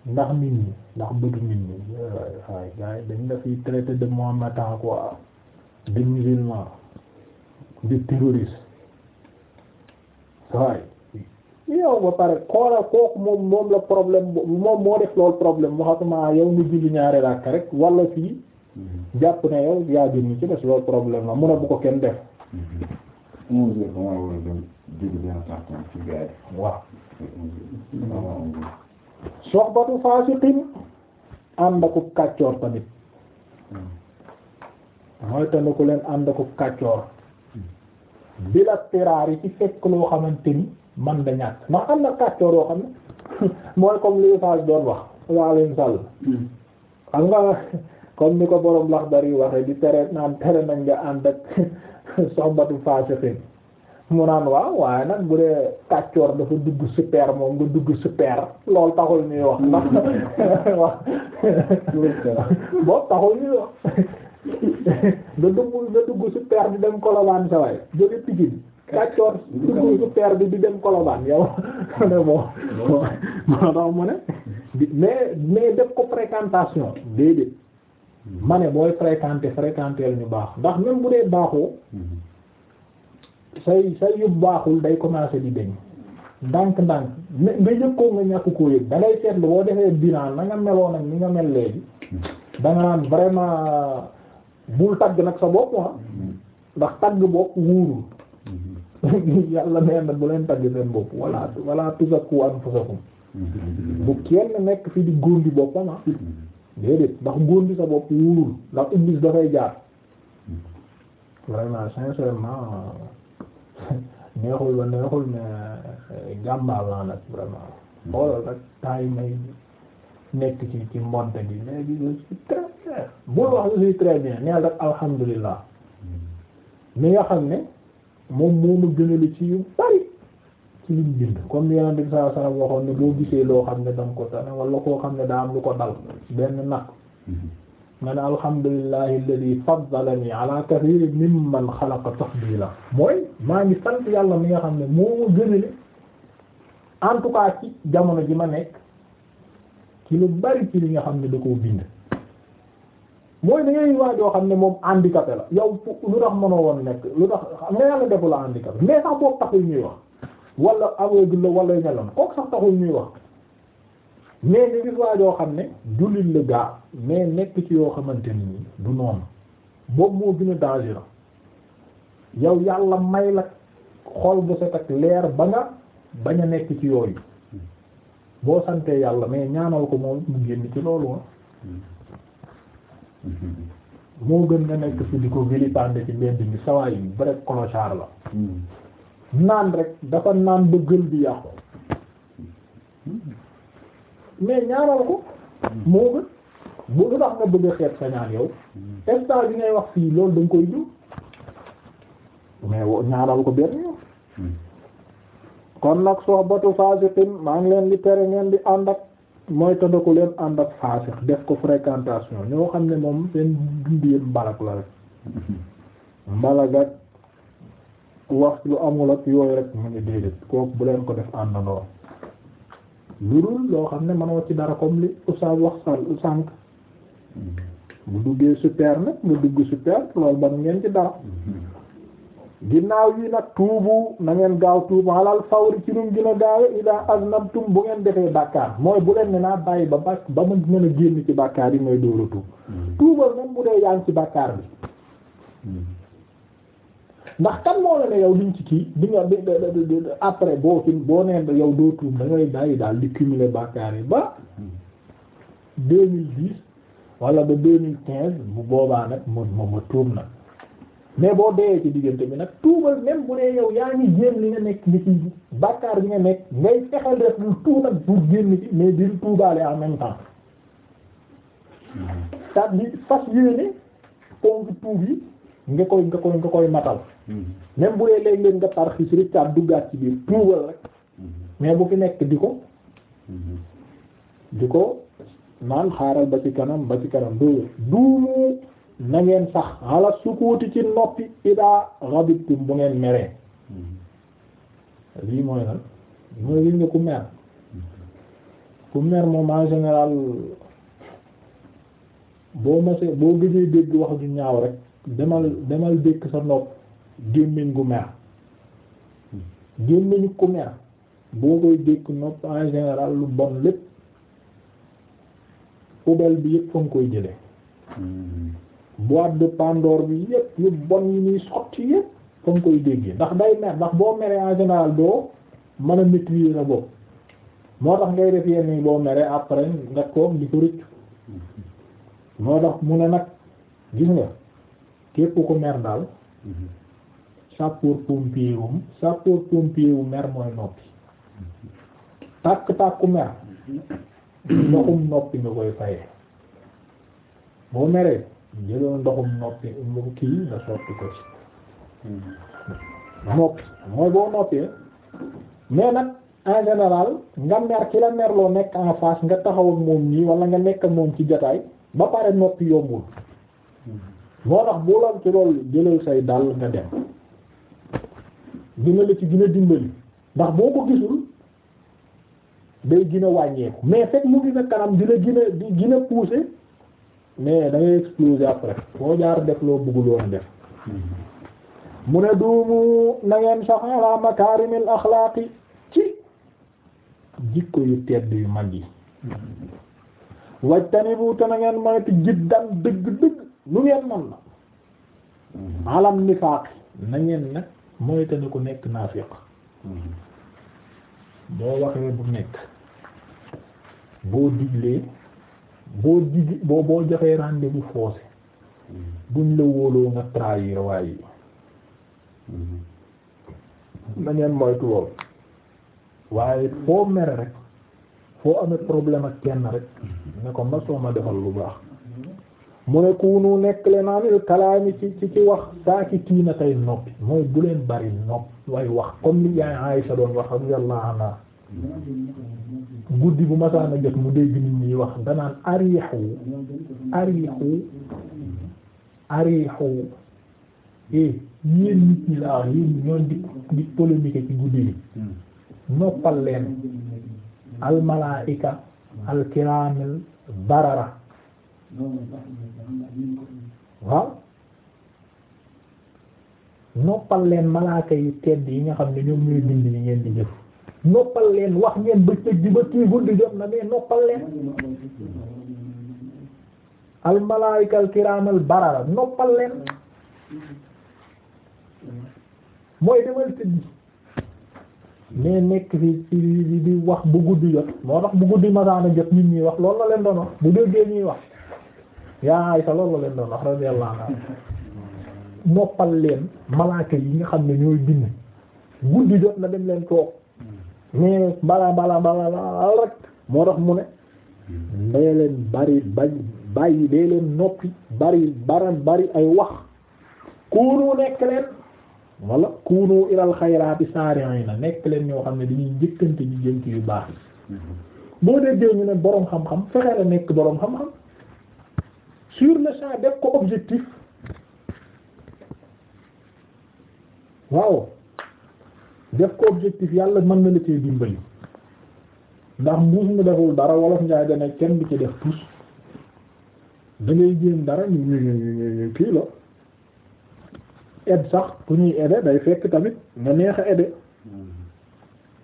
ndax nit ñi ndax bëtu nit ñi waaye gars yi dañ la fiy traité de mohammedan quoi de musulman de terroriste waaye yow ba pare xoolal kooku moom moom la problème moom moo def loolu problème mu xatuma yow julli ñaari rakk rek wala fii mhm. jàpp ne yow yaa gën ci des loolu problème la mun a bu ko kenn def. Mhm. onze heures damaa war a ànd ak kàccoor tamit mhm. mooy tënd ku leen ànd ak kàccoor bila tiraar yi ci fekk loo xamante ni. man da ñàkk ndax am na kàccoor yoo xam ne mooy comme li Fage doon wax Alioune Sall hmm. xam nga comme ni ko borom Laxdari waxee di tere naan tere nañ nga ànd ak soxbatu faasixiin mu naan waaw waaye nag bu dee kàccoor dafa dugg super moom nga dugg super loolu taxul ñuy wax hmm. ndax waaw boobu taxul ñuy wax nga dugg nga dugg super di dem Colobane sa waay jóge Pikine kàccoor su père bi di dem kolobaan yow ne bon moo tax mais mais def ko fréquentation déedéet ma ne booy fréquenter fréquenter ñu baax ndax même bu dee baaxoo say say yu baaxul day commencer di deñ ndànk-ndànk mais nga yëg ko nga ñàkk koo yëg da seetlu boo defee bilan nanga meloo meloon ni nga mel léegi da nga naan vraiment bul tagg nag sa bopp ah ndax tagg bopp wuurul yàlla nee na bu leen tagg seen bopp wala mm-hmm. wala tuzakku anfusakum mm-hmm. bu kenn nekk fi di góondi boppam ah mm-hmm. déedéet ndax góondi sa bopp wóorul ndax iblis dafay jaar vraiment sincèrement neexul ba neexul mais gàmbaal euh, naa nag vraiment xoolal nag temps yi may nekk ci ci gi léegi je suis très bien bul wax je suis très bien neel rek alhamdulilah mi nga xam ne moom moo ma gënale ci yu bari ci lim bind comme ni yonent bi sallallahu alayhi wasallam waxoon ne boo gisee loo xam ne danga ko tane wala koo xam ne daa am lu ko dal benn nag nga mm-hmm. ne alhamdulillahi alladhi faddalani ala kathirin mimman xalaqa la mooy maa ngi sant yàlla mi nga xam ne moo ma gënale en ci jamono ji ma nekk ci lu bari ci li nga xam ne da koo bind mooy da ngay waajoo xam ne moom handicapé la yow lu tax mënoo woon nekk lu tax nga yàlla defu la handicapé mais sax boobu taxul ñuy wax wala aveugle la wala ñeloon kooku sax taxul ñuy wax mais nga gis waajoo xam ne jullit la gaa nekk ci yoo xamante ni du noonu boobu moo gën a dangereux yow yàlla may la xol bu set ak leer ba nga bañ a nekk ci yooyu boo santee yàlla mais ñaanal ko moom mu génn ci loolu woon moo gën nga nekk fi di ko vilipender ci mbedd mi sawaay yi vrai clochard la naan rek dafa naan ba gël bi yàqu mais ñaanal ko moo gën bu lu tax nga bëgg a xeet sa ñaan yow instant bi ngay wax fii loolu dañ koy jur mais ñaanal ko benn yoon kon nag soxbatu fasiqin maa ngi leen di tere ngeen di ànd ak mooy ko leen ànd ak faasix def ko fréquentation ñoo xam ne moom leen dund yëpp mbalak la rek mbalak ak wax lu amul ak yooyu rek mu ngi déedéet kooku bu leen ko def àndandoo lu dul loo xam ne manoo ci dara comme li sa wax sànq mm-hmm. bu duggee super nag nga dugg super loolu ban ngeen ci dara mm-hmm. ginnaaw yi nag tuubu na ngeen gaaw tuubu alal fawri ci num gën a gaawe ila aznabtum bu ngeen defee bàkkaar mooy bu leen ne naa bàyyi ba bàkk ba mu mën a génn ci bàkkaar yi mooy dóora tuub hmm. tuubal même bu dee yaa ngi ci bàkkaar bi hmm. ndax kan moo la ne yow liñ ci kii di nga après boo fi boo neen yow doo tuub da ngay bàyyi daal di cumuler bàkkaar yi ba deux mille dix wala ba deux mille quinze boobaa nag ma ma ma tuub nag mais boo deewee ci diggante bi nag tuubal même bu dee yow yaa ngi jéem li nga nekk li ci bàkkaar bi nga nekk ngay fexeel def lu tuub nag génn ci mais dil tuubaale en même temps hmm. tat bi fas yéene ponk tuub yi nga koy nga koy nga koy matal hmm. même bu dee léeg-léeg nga tarxis rek tat duggaat ci biir tuubal rek hmm. mais bu fi nekk di ko di ko naan xaaral ba ci kanam ba ci kanam doo duumu na ngeen sax ala sukuuti ci noppi idaa rabittum bu ngeen meree lii mooy lan mooy li nga ku mer ku mer moom en général boo masee boo gëjee dégg wax ju ñaaw rek demal demal dékk sa nopp gémmiñ gu mer gémmiñ ku mer boo koy dékk nopp en général lu bon lépp poubelle bi yëpp fa nga koy jëlee hmm. boîte de Pandore bi yëpp yu bon yi ñuy sotti yëpp fa nga koy déggee ndax day mer ndax boo meree en général doo mën a maîtriser na bopp moo tax ngay def yenn boo meree après nga toog di ko rëccu moo tax mu ne nag gis nga képp ku mer daal sapeur pompier wum sapeur pompier wu mer mooy noppi tàkk tàkku mer ndoxum noppi nga koy fayee boo meree jëlal ndoxum noppi mu kii nga sotti ko ci hmm. noppi mooy boo noppee mais nag en général nga mer ki la merloo nekk en face nga taxaw ak moom nii wala nga nekk ak moom ci jotaay ba pare noppi yombul hmm. moo tax boo la ci loolu jëlal say dàll nga dem dina la ci gën dimbali ndax boo ko gisul day gën wàññeeku mais fekk mu gën a kanam dina gën a di mais da ngay après foo jaar def loo bëggul woon def mu ne duumu na ngeen sax ala makarimil ci jikko yu tedd yu mag yi wajtani bu te na ngeen moytu jiddan dëgg-dëgg lu ngeen man na alam nifaaq na nag moyta ni ku nekk naafiq mm-hmm. boo waxee bu nekk boo diglee boo jigi boo boo joxee rendez-vous faussé mm-hmm. buñ la wóoloo nga trahir waaye mm-hmm. na ngeen moytu waaye foo mere rek foo amee problème ak kenn rek mm-hmm. ne ko masoo ma defal lu baax mu ne kunu nekk leen amee kalaami ci ci ci wax saa ci kii na tey noppi mooy bu leen bari nopp way wax comme li yaay Aysa doon wax radiyallahu anha guddi bu ma a jot mu dégg nit ñi wax danaan ariixu ariixu ariixu eh yéen nit ñi laa wax yéen ñoon di di polémique ci guddi gi hmm. noppal leen almalaayika alkiraamil barara waaw noppal leen malaaka yu tedd yi nga xam ne ñoom ñooy bind yi ngeen di noppal leen wax ngeen bëccëg bi ba kii guddi jot na mais noppal leen al malaayika al noppal leen mooy demal tëdd mais nekk fi ci di wax bu guddi jot moo tax bu guddi masaana jot nit ñi wax loolu la leen doon wax bu déggee ñuy wax yaa Aysa loolu la leen doon wax radiyallahu anha noppal leen malaaka yi nga xam ne ñooy bind guddi jot na dem leen toog mais bala bala bala bala rek moo tax mu ne dee leen bari bañ bàyyi dee leen noppi bari baran bari ay wax kuunu nekk leen wala kuunu ilal xayraati saari'ina nekk leen ñoo xam ne dañuy njëkkante ji jëm ci yu baax yi boo déggee ñu ne boroom xam-xam fexe la nekk boroom xam-xam sur le champ def ko objectif waaw def ko objectif yàlla mën na la cee dimbali ndax mbuus mu deful dara wolof njaay dana kenn du ci def tus da ngay jéem dara ñu ñu ñu ñu kii la ed sax ku ñuy aidé day fekk tamit nga neex a aidé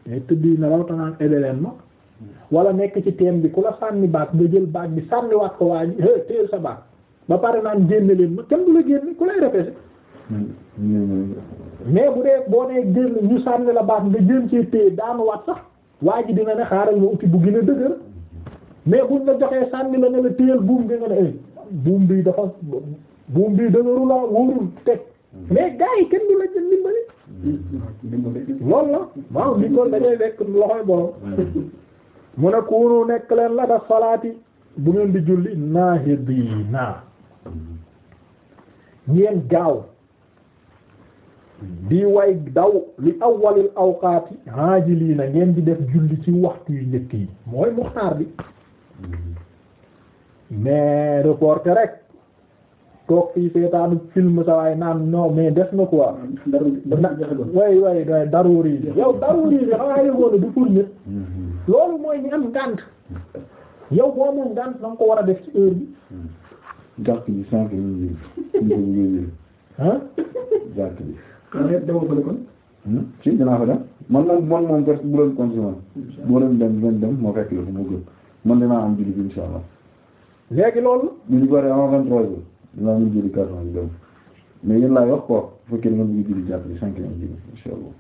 mais hmm. tëddi na raw tanaan aidé leen ma hmm. wala nekk ci teen bi ku la sànni baat nga jël baat bi sànniwaat ko waa ji é téel sa baat ba pare naan génne leen ma kenn du la génne ku lay refeesi mais bu dee boo dee génn ñu sànni la baax nga jéem ci téye daanuwaat sax waa ji dina ne xaaral ma uti bu gën a dëgër mais buñ la joxee sànni la ne la téyel buum bi nga ne ay eh, buum bi dafa buum bi dëgëru la wóorul teg mais gars yi kenn du la jël ndimbali loolu la waaw ko dajee nekk loxoy borom mu ne kuunu nekk leen la salaati bu ngeen di julli naahi bi naa ngeen gaaw di way daw li awwalil awqaati ajiliina ngeen di def julli ci waxtu yu njëkk yi mooy muxtaar bi mais reporter rek toog fii seetaanu film sa waay naan non mais des na ko way way way daruri yi yow daruri yi xam nga loolu mooy ñi am ngànt yow boo moom ngànt da ko war a def ci heure bi jàkk de lépp demoo fële kon. Hmm? si dinaa fa dem man nag man moom presque bu leen continué bu leen dem ngeen dem moo fekk la fu mu gën man dinaa am julli bi incha allah. léegi loolu. ñu ngi bari avant vingt trois ñu ko bu fekkee ne ñu julli jàpp cinq et un julli incha allah.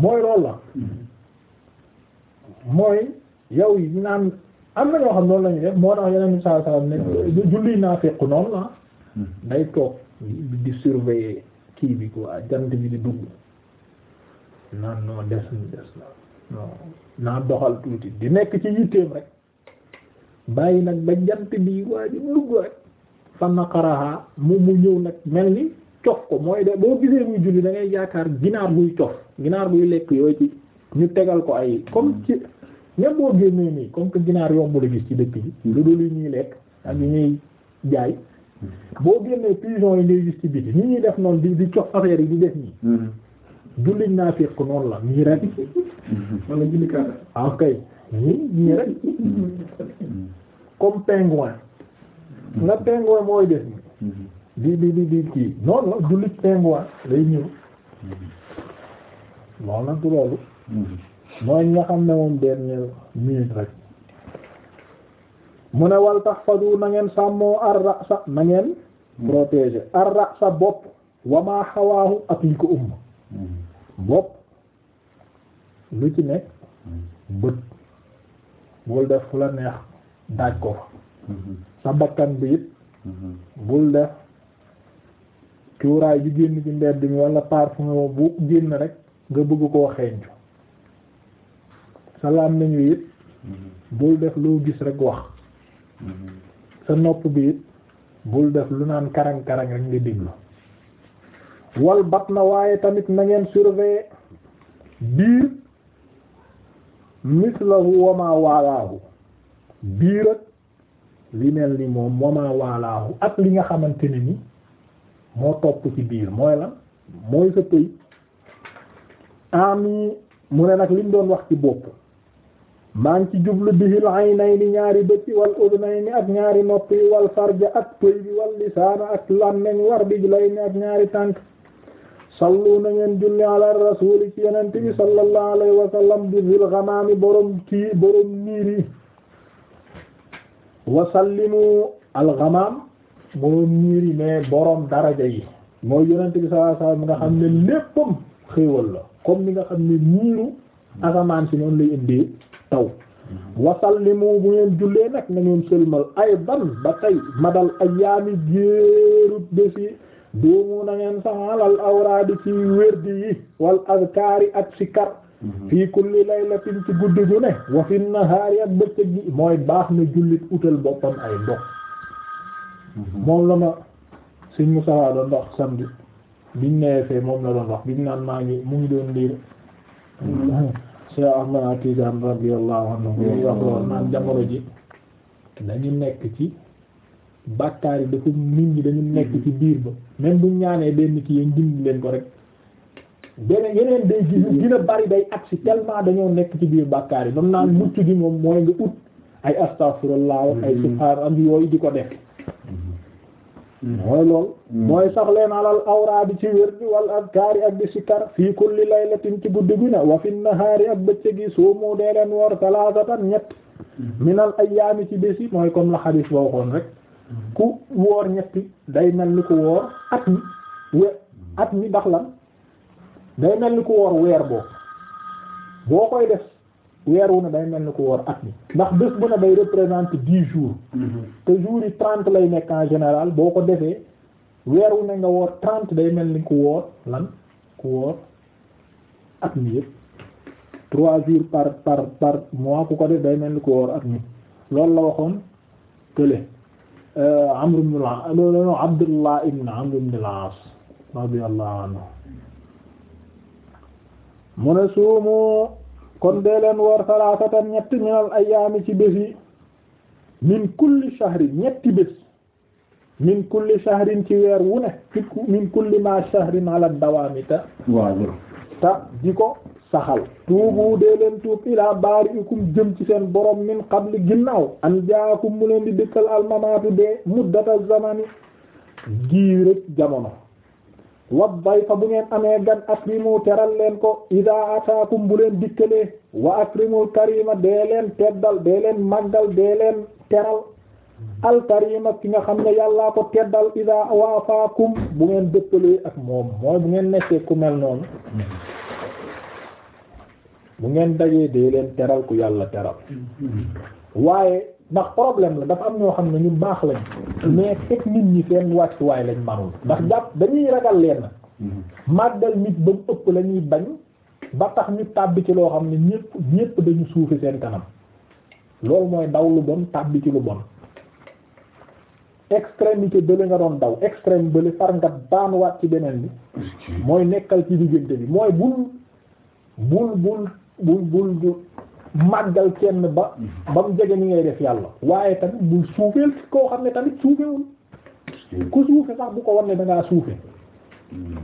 mooy loolu la. Hmm. naan am na xam noonu la ñuy moo tax yeneen i saa saa ne hmm. julli naa fekk noonu la. Ah. day toog di surveiller. kii bi quoi jant bi di dugg naan non des na des na non naa doxal tuuti di nekk ci yitteem rek bàyyi nag ba jant bi waa ji dugg rek fan na mu mu ñëw nag mel ni cof ko mooy de boo gisee muy julli da ngay yaakaar ginaar buy cof ginaar buy lekk yooyu ci ñu tegal ko ay comme ci même boo génnee nii comme que ginaar yombul a ci dëkk yi lu dul yi ñuy lekk ak yi ñuy jaay boo génnee pigeon yi ngay gis ci biti ni ñuy def noonu di di cof affaire yi di def nii jullit mm-hmm. naa fekk noonu la ñii rek mm-hmm. wala jullikaata ah kay ñii ñii rek mm-hmm. comme mooy def nii di di di di kii noonu la jullit pingouin lay ñëw loolu nag loolu mooy nga xam ne moom dernière minute rek mu ne wal tax na ngeen sàmmoo ar sa na ngeen hmm. protéger ar bopp wa ak li ko umb hmm. bopp lu ci nekk hmm. bët bul def fu la neex daaj ko sa bakkan bi it bul def cuuraay bi génn ci mbedd mi wala parfum bu génn rek nga bëgg koo xeeñcu salaam nañu it bul def loo gis rek wax sa nopp bi bul def lu naan karang karang rek nga déglu wal bat na waaye tamit nangeen ngeen surveiller biir mislahu wama waalaahu biir ak li mel ni moom wama waalaahu ak li nga xamante ne ni moo topp ci biir mooy lan mooy sa pëy ami mu ne nag liñ doon wax ci bopp maa ngi ci jublu bihil aynayni ñaari bëti wal udnayni ak ñaari nopp yi wal farja ak pëy bi wal lisaana ak làmmeñ war rijlayni ak ñaari tànk sallu na ngeen julli ala rasuli ci yonent bi sallallahu alayhi wa sallam bi zil ghamaami borom kii borom niir yi wa sallimu al ghamaam borom niir yi mais borom daraja yi mooy yonent bi sallallahu alayhi nga xam ne léppam xéewal la comme ni nga xam ne niiru asamaan si noonu lay indee taw wasallimu bu ngeen jullee nag na ngeen sëlmal ay ban ba tey madal ayaami géerut bési doomu na ngeen sax alal awraadi ci wérdi yi wal azkaari ak sikar mhm. fii kulli laylatin ci guddi gu ne wa fi nahaari ak bëccëg gi mooy baax na jullit utal boppam ay ndox mhm. moom la ma sëñ Musaa doon wax samedi biñ newee moom la doon wax biñ naan maa ngi mu ngi doon liir mhm. Cheikh Ahmad Tidiane radiyallahu anhu muy wax lool naan jamono ji dañu nekk ci bàkkaar yi dafa nit ñi dañu nekk ci biir ba même bu ñaanee benn ki yeen dind leen ko rek beneen yeneen day gis dina bari day agsi tellement dañoo nekk ci biir bàkkaar yi bam naan mucc gi moom mooy nga ut ay astaghfirullah ay mm-hmm. subhaanallah yooyu di ko def mooy lool mm. mooy sax leen alal awraa ci wér bi wal adkaari ak di sikkar fii kulli laylatin ci guddi gu ne wa fi nahaari ak bëccëg yi soomu dee leen woor talaatatan ñett mm. minal ayyaami ci bési mooy comme la xadiis ba waxoon rek mm. ku woor ñetti day mel ni ku woor at mi we at mi ndax lan day mel ni ku woor weer boo boo koy def weer wu ne day mel ni ku woor at mi ndax bés bu ne day représente dix jours mhm. te jours yi trente lay nekk en général boo ko defee weer wu ne nga woor trente day mel ni ku woor lan ku woor at mi yëpp trois jours par par par mois ku ko def day mel ni ku woor at mi loolu la waxoon kële euh, Amr ibn al loolu as radiyallahu anhu mu ne suumu kon dee leen woor ta ñetti minal ayaami ci bés yi min kulli shahrin ñetti bés min kulli shahrin ci weer wu ne ci min kulli ma shahrin ala dawaami ta di ko saxal tuubu dee leen tuub ilaa baariikum jëm ci seen borom min qabli ginnaaw an jaakum mu leen di dëkkal almamaatu dee muddata zamani gii rek jamono wa dayfa bu ngeen amee gan akrimu teral leen ko ida ataakum bu leen dikkalee wa akrimul karima dee leen teddal dee leen màggal dee leen teral al karima ki nga xam ne yàllaa ko teddal ida waafaakum bu ngeen dëppalee ak moom mooy bu ngeen nekkee ku mel noonu bu ngeen dajee dee leen teral ku yàlla teral mm-hmm. waaye ndax problème la dafa am ñoo xam ne ñu baax lañ mais teg nit ñi seen wàccuwaay lañ manul ndax jàpp dañuy ragal leen màggal nit ba mu ëpp la ñuy bañ ba tax ñu tàbbi ci loo xam ne ñépp ñépp dañu suufi seen kanam loolu mooy daw lu bon tàbbi ci lu bon extrémité bële nga doon daw extrême bële far nga baanuwaat ci beneen bi mooy nekkal ci diggante bi mooy bul bul bul bul bul màggal kenn ba mhm. bam mu jege ni ngay def yàlla waaye tamit bul suufeel koo xam ne tamit suufewul ku suufe sax bu ko wan ne dangaa suufe mhm.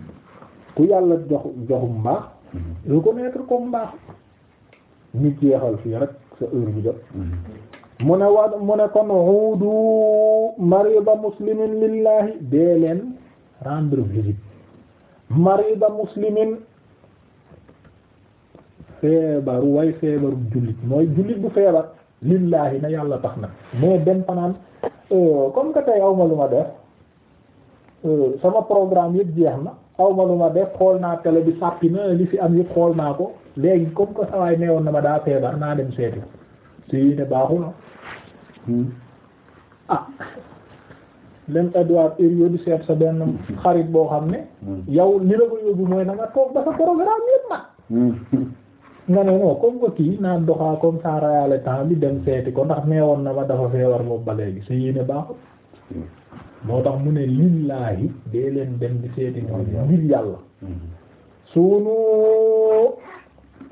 ku yàlla jox joxum mbaax mhm. reconnaître comme mbaax nit jeexal fii rek sa heure bi jot mu ne wa mu ne marida muslimin lillahi dee leen rendre marida muslimin feebaru way feebaru jullit mooy jullit bu feebar lillaahi na yàlla tax na mais dem fanaan euh, comme que tey aw ma lu ma def euh, sama programme yëpp jeex na aw ma lu ma def xool naa télé bi sàppi na li fi am yëpp xool naa ko léegi comme que sawaay neewoon na ma daa feebar naa dem seeti si ne baaxul ah lem hmm. ah. Edouard Herriot seet sa benn xarit boo xam ne hmm. yow li la ko yóbbu mooy na nga toog ba sa programme yëpp mat hmm. nga ne non comme que kii naan doxaa comme ça rayale temps bi dem seeti ko ndax neewoon na ma dafa feebar boobu ba léegi sa yéene baaxul mm. moo tax mu ne lillaahi dee leen dem di seeti ñoom mm. ngir yàlla mm. suunu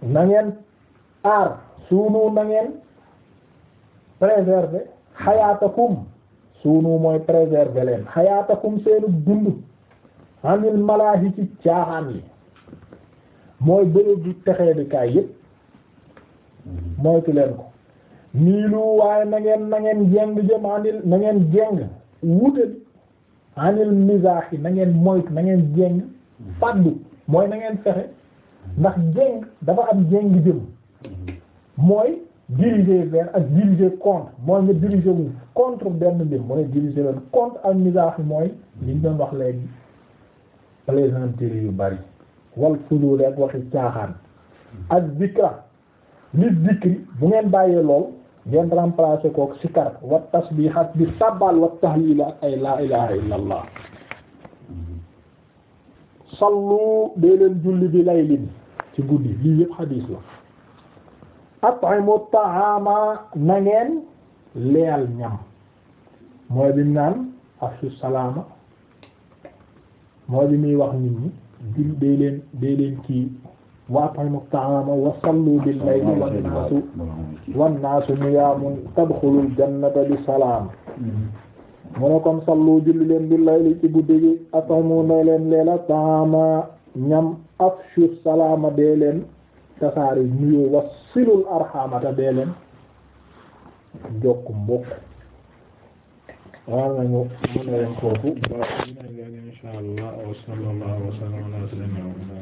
na ngeen aar suunu na ngeen xayaatakum suunu mooy préserver leen xayaatakum seenu dund anil malaahi ci caaxaan yi mooy bërëb du texee di kaay yëpp moytu leen ko nii lu waaye na ngeen na jeng jëm anil na ngeen jeng wutal anil misaax yi na ngeen moytu na ngeen jeng fàddu mooy na ngeen fexe ndax jeng dafa am jeng jëm mooy diriger vers ak diriger contre mooy nga diriger wu contre benn mbir mu ne diriger leen contre ak misaax yi mooy liñ doon wax léegi plaisanterie yu bari wal fuduule ak caaxaan ak zikra nit zikri bu ngeen bàyyee lool ngeen remplacer kook sikar wa tasbihat bi sabbal wa tahlil ak ay laa ilaha illa allah sallu dee leen julli bi laylin ci guddi lii yëpp xadiis la at'imu ta'ama na ngeen leel ñam mooy bi naan afshu salaama mooy bi muy wax nit ñi jul day leen day leen ci wa at'imu ta'ama wa sallu bil layli wan naasu wan naasu jannata bi salaam mu ne kon sallu julli leen bil layli ci guddi gi at'imu na leen leela ta'ama ñam afshu salaama dee leen tasaari nuyoo wasilul arhamata dee leen jokk mbokk waaw moom mën na yem foofu. waaw incha allah wa sallallahu wa sallam ala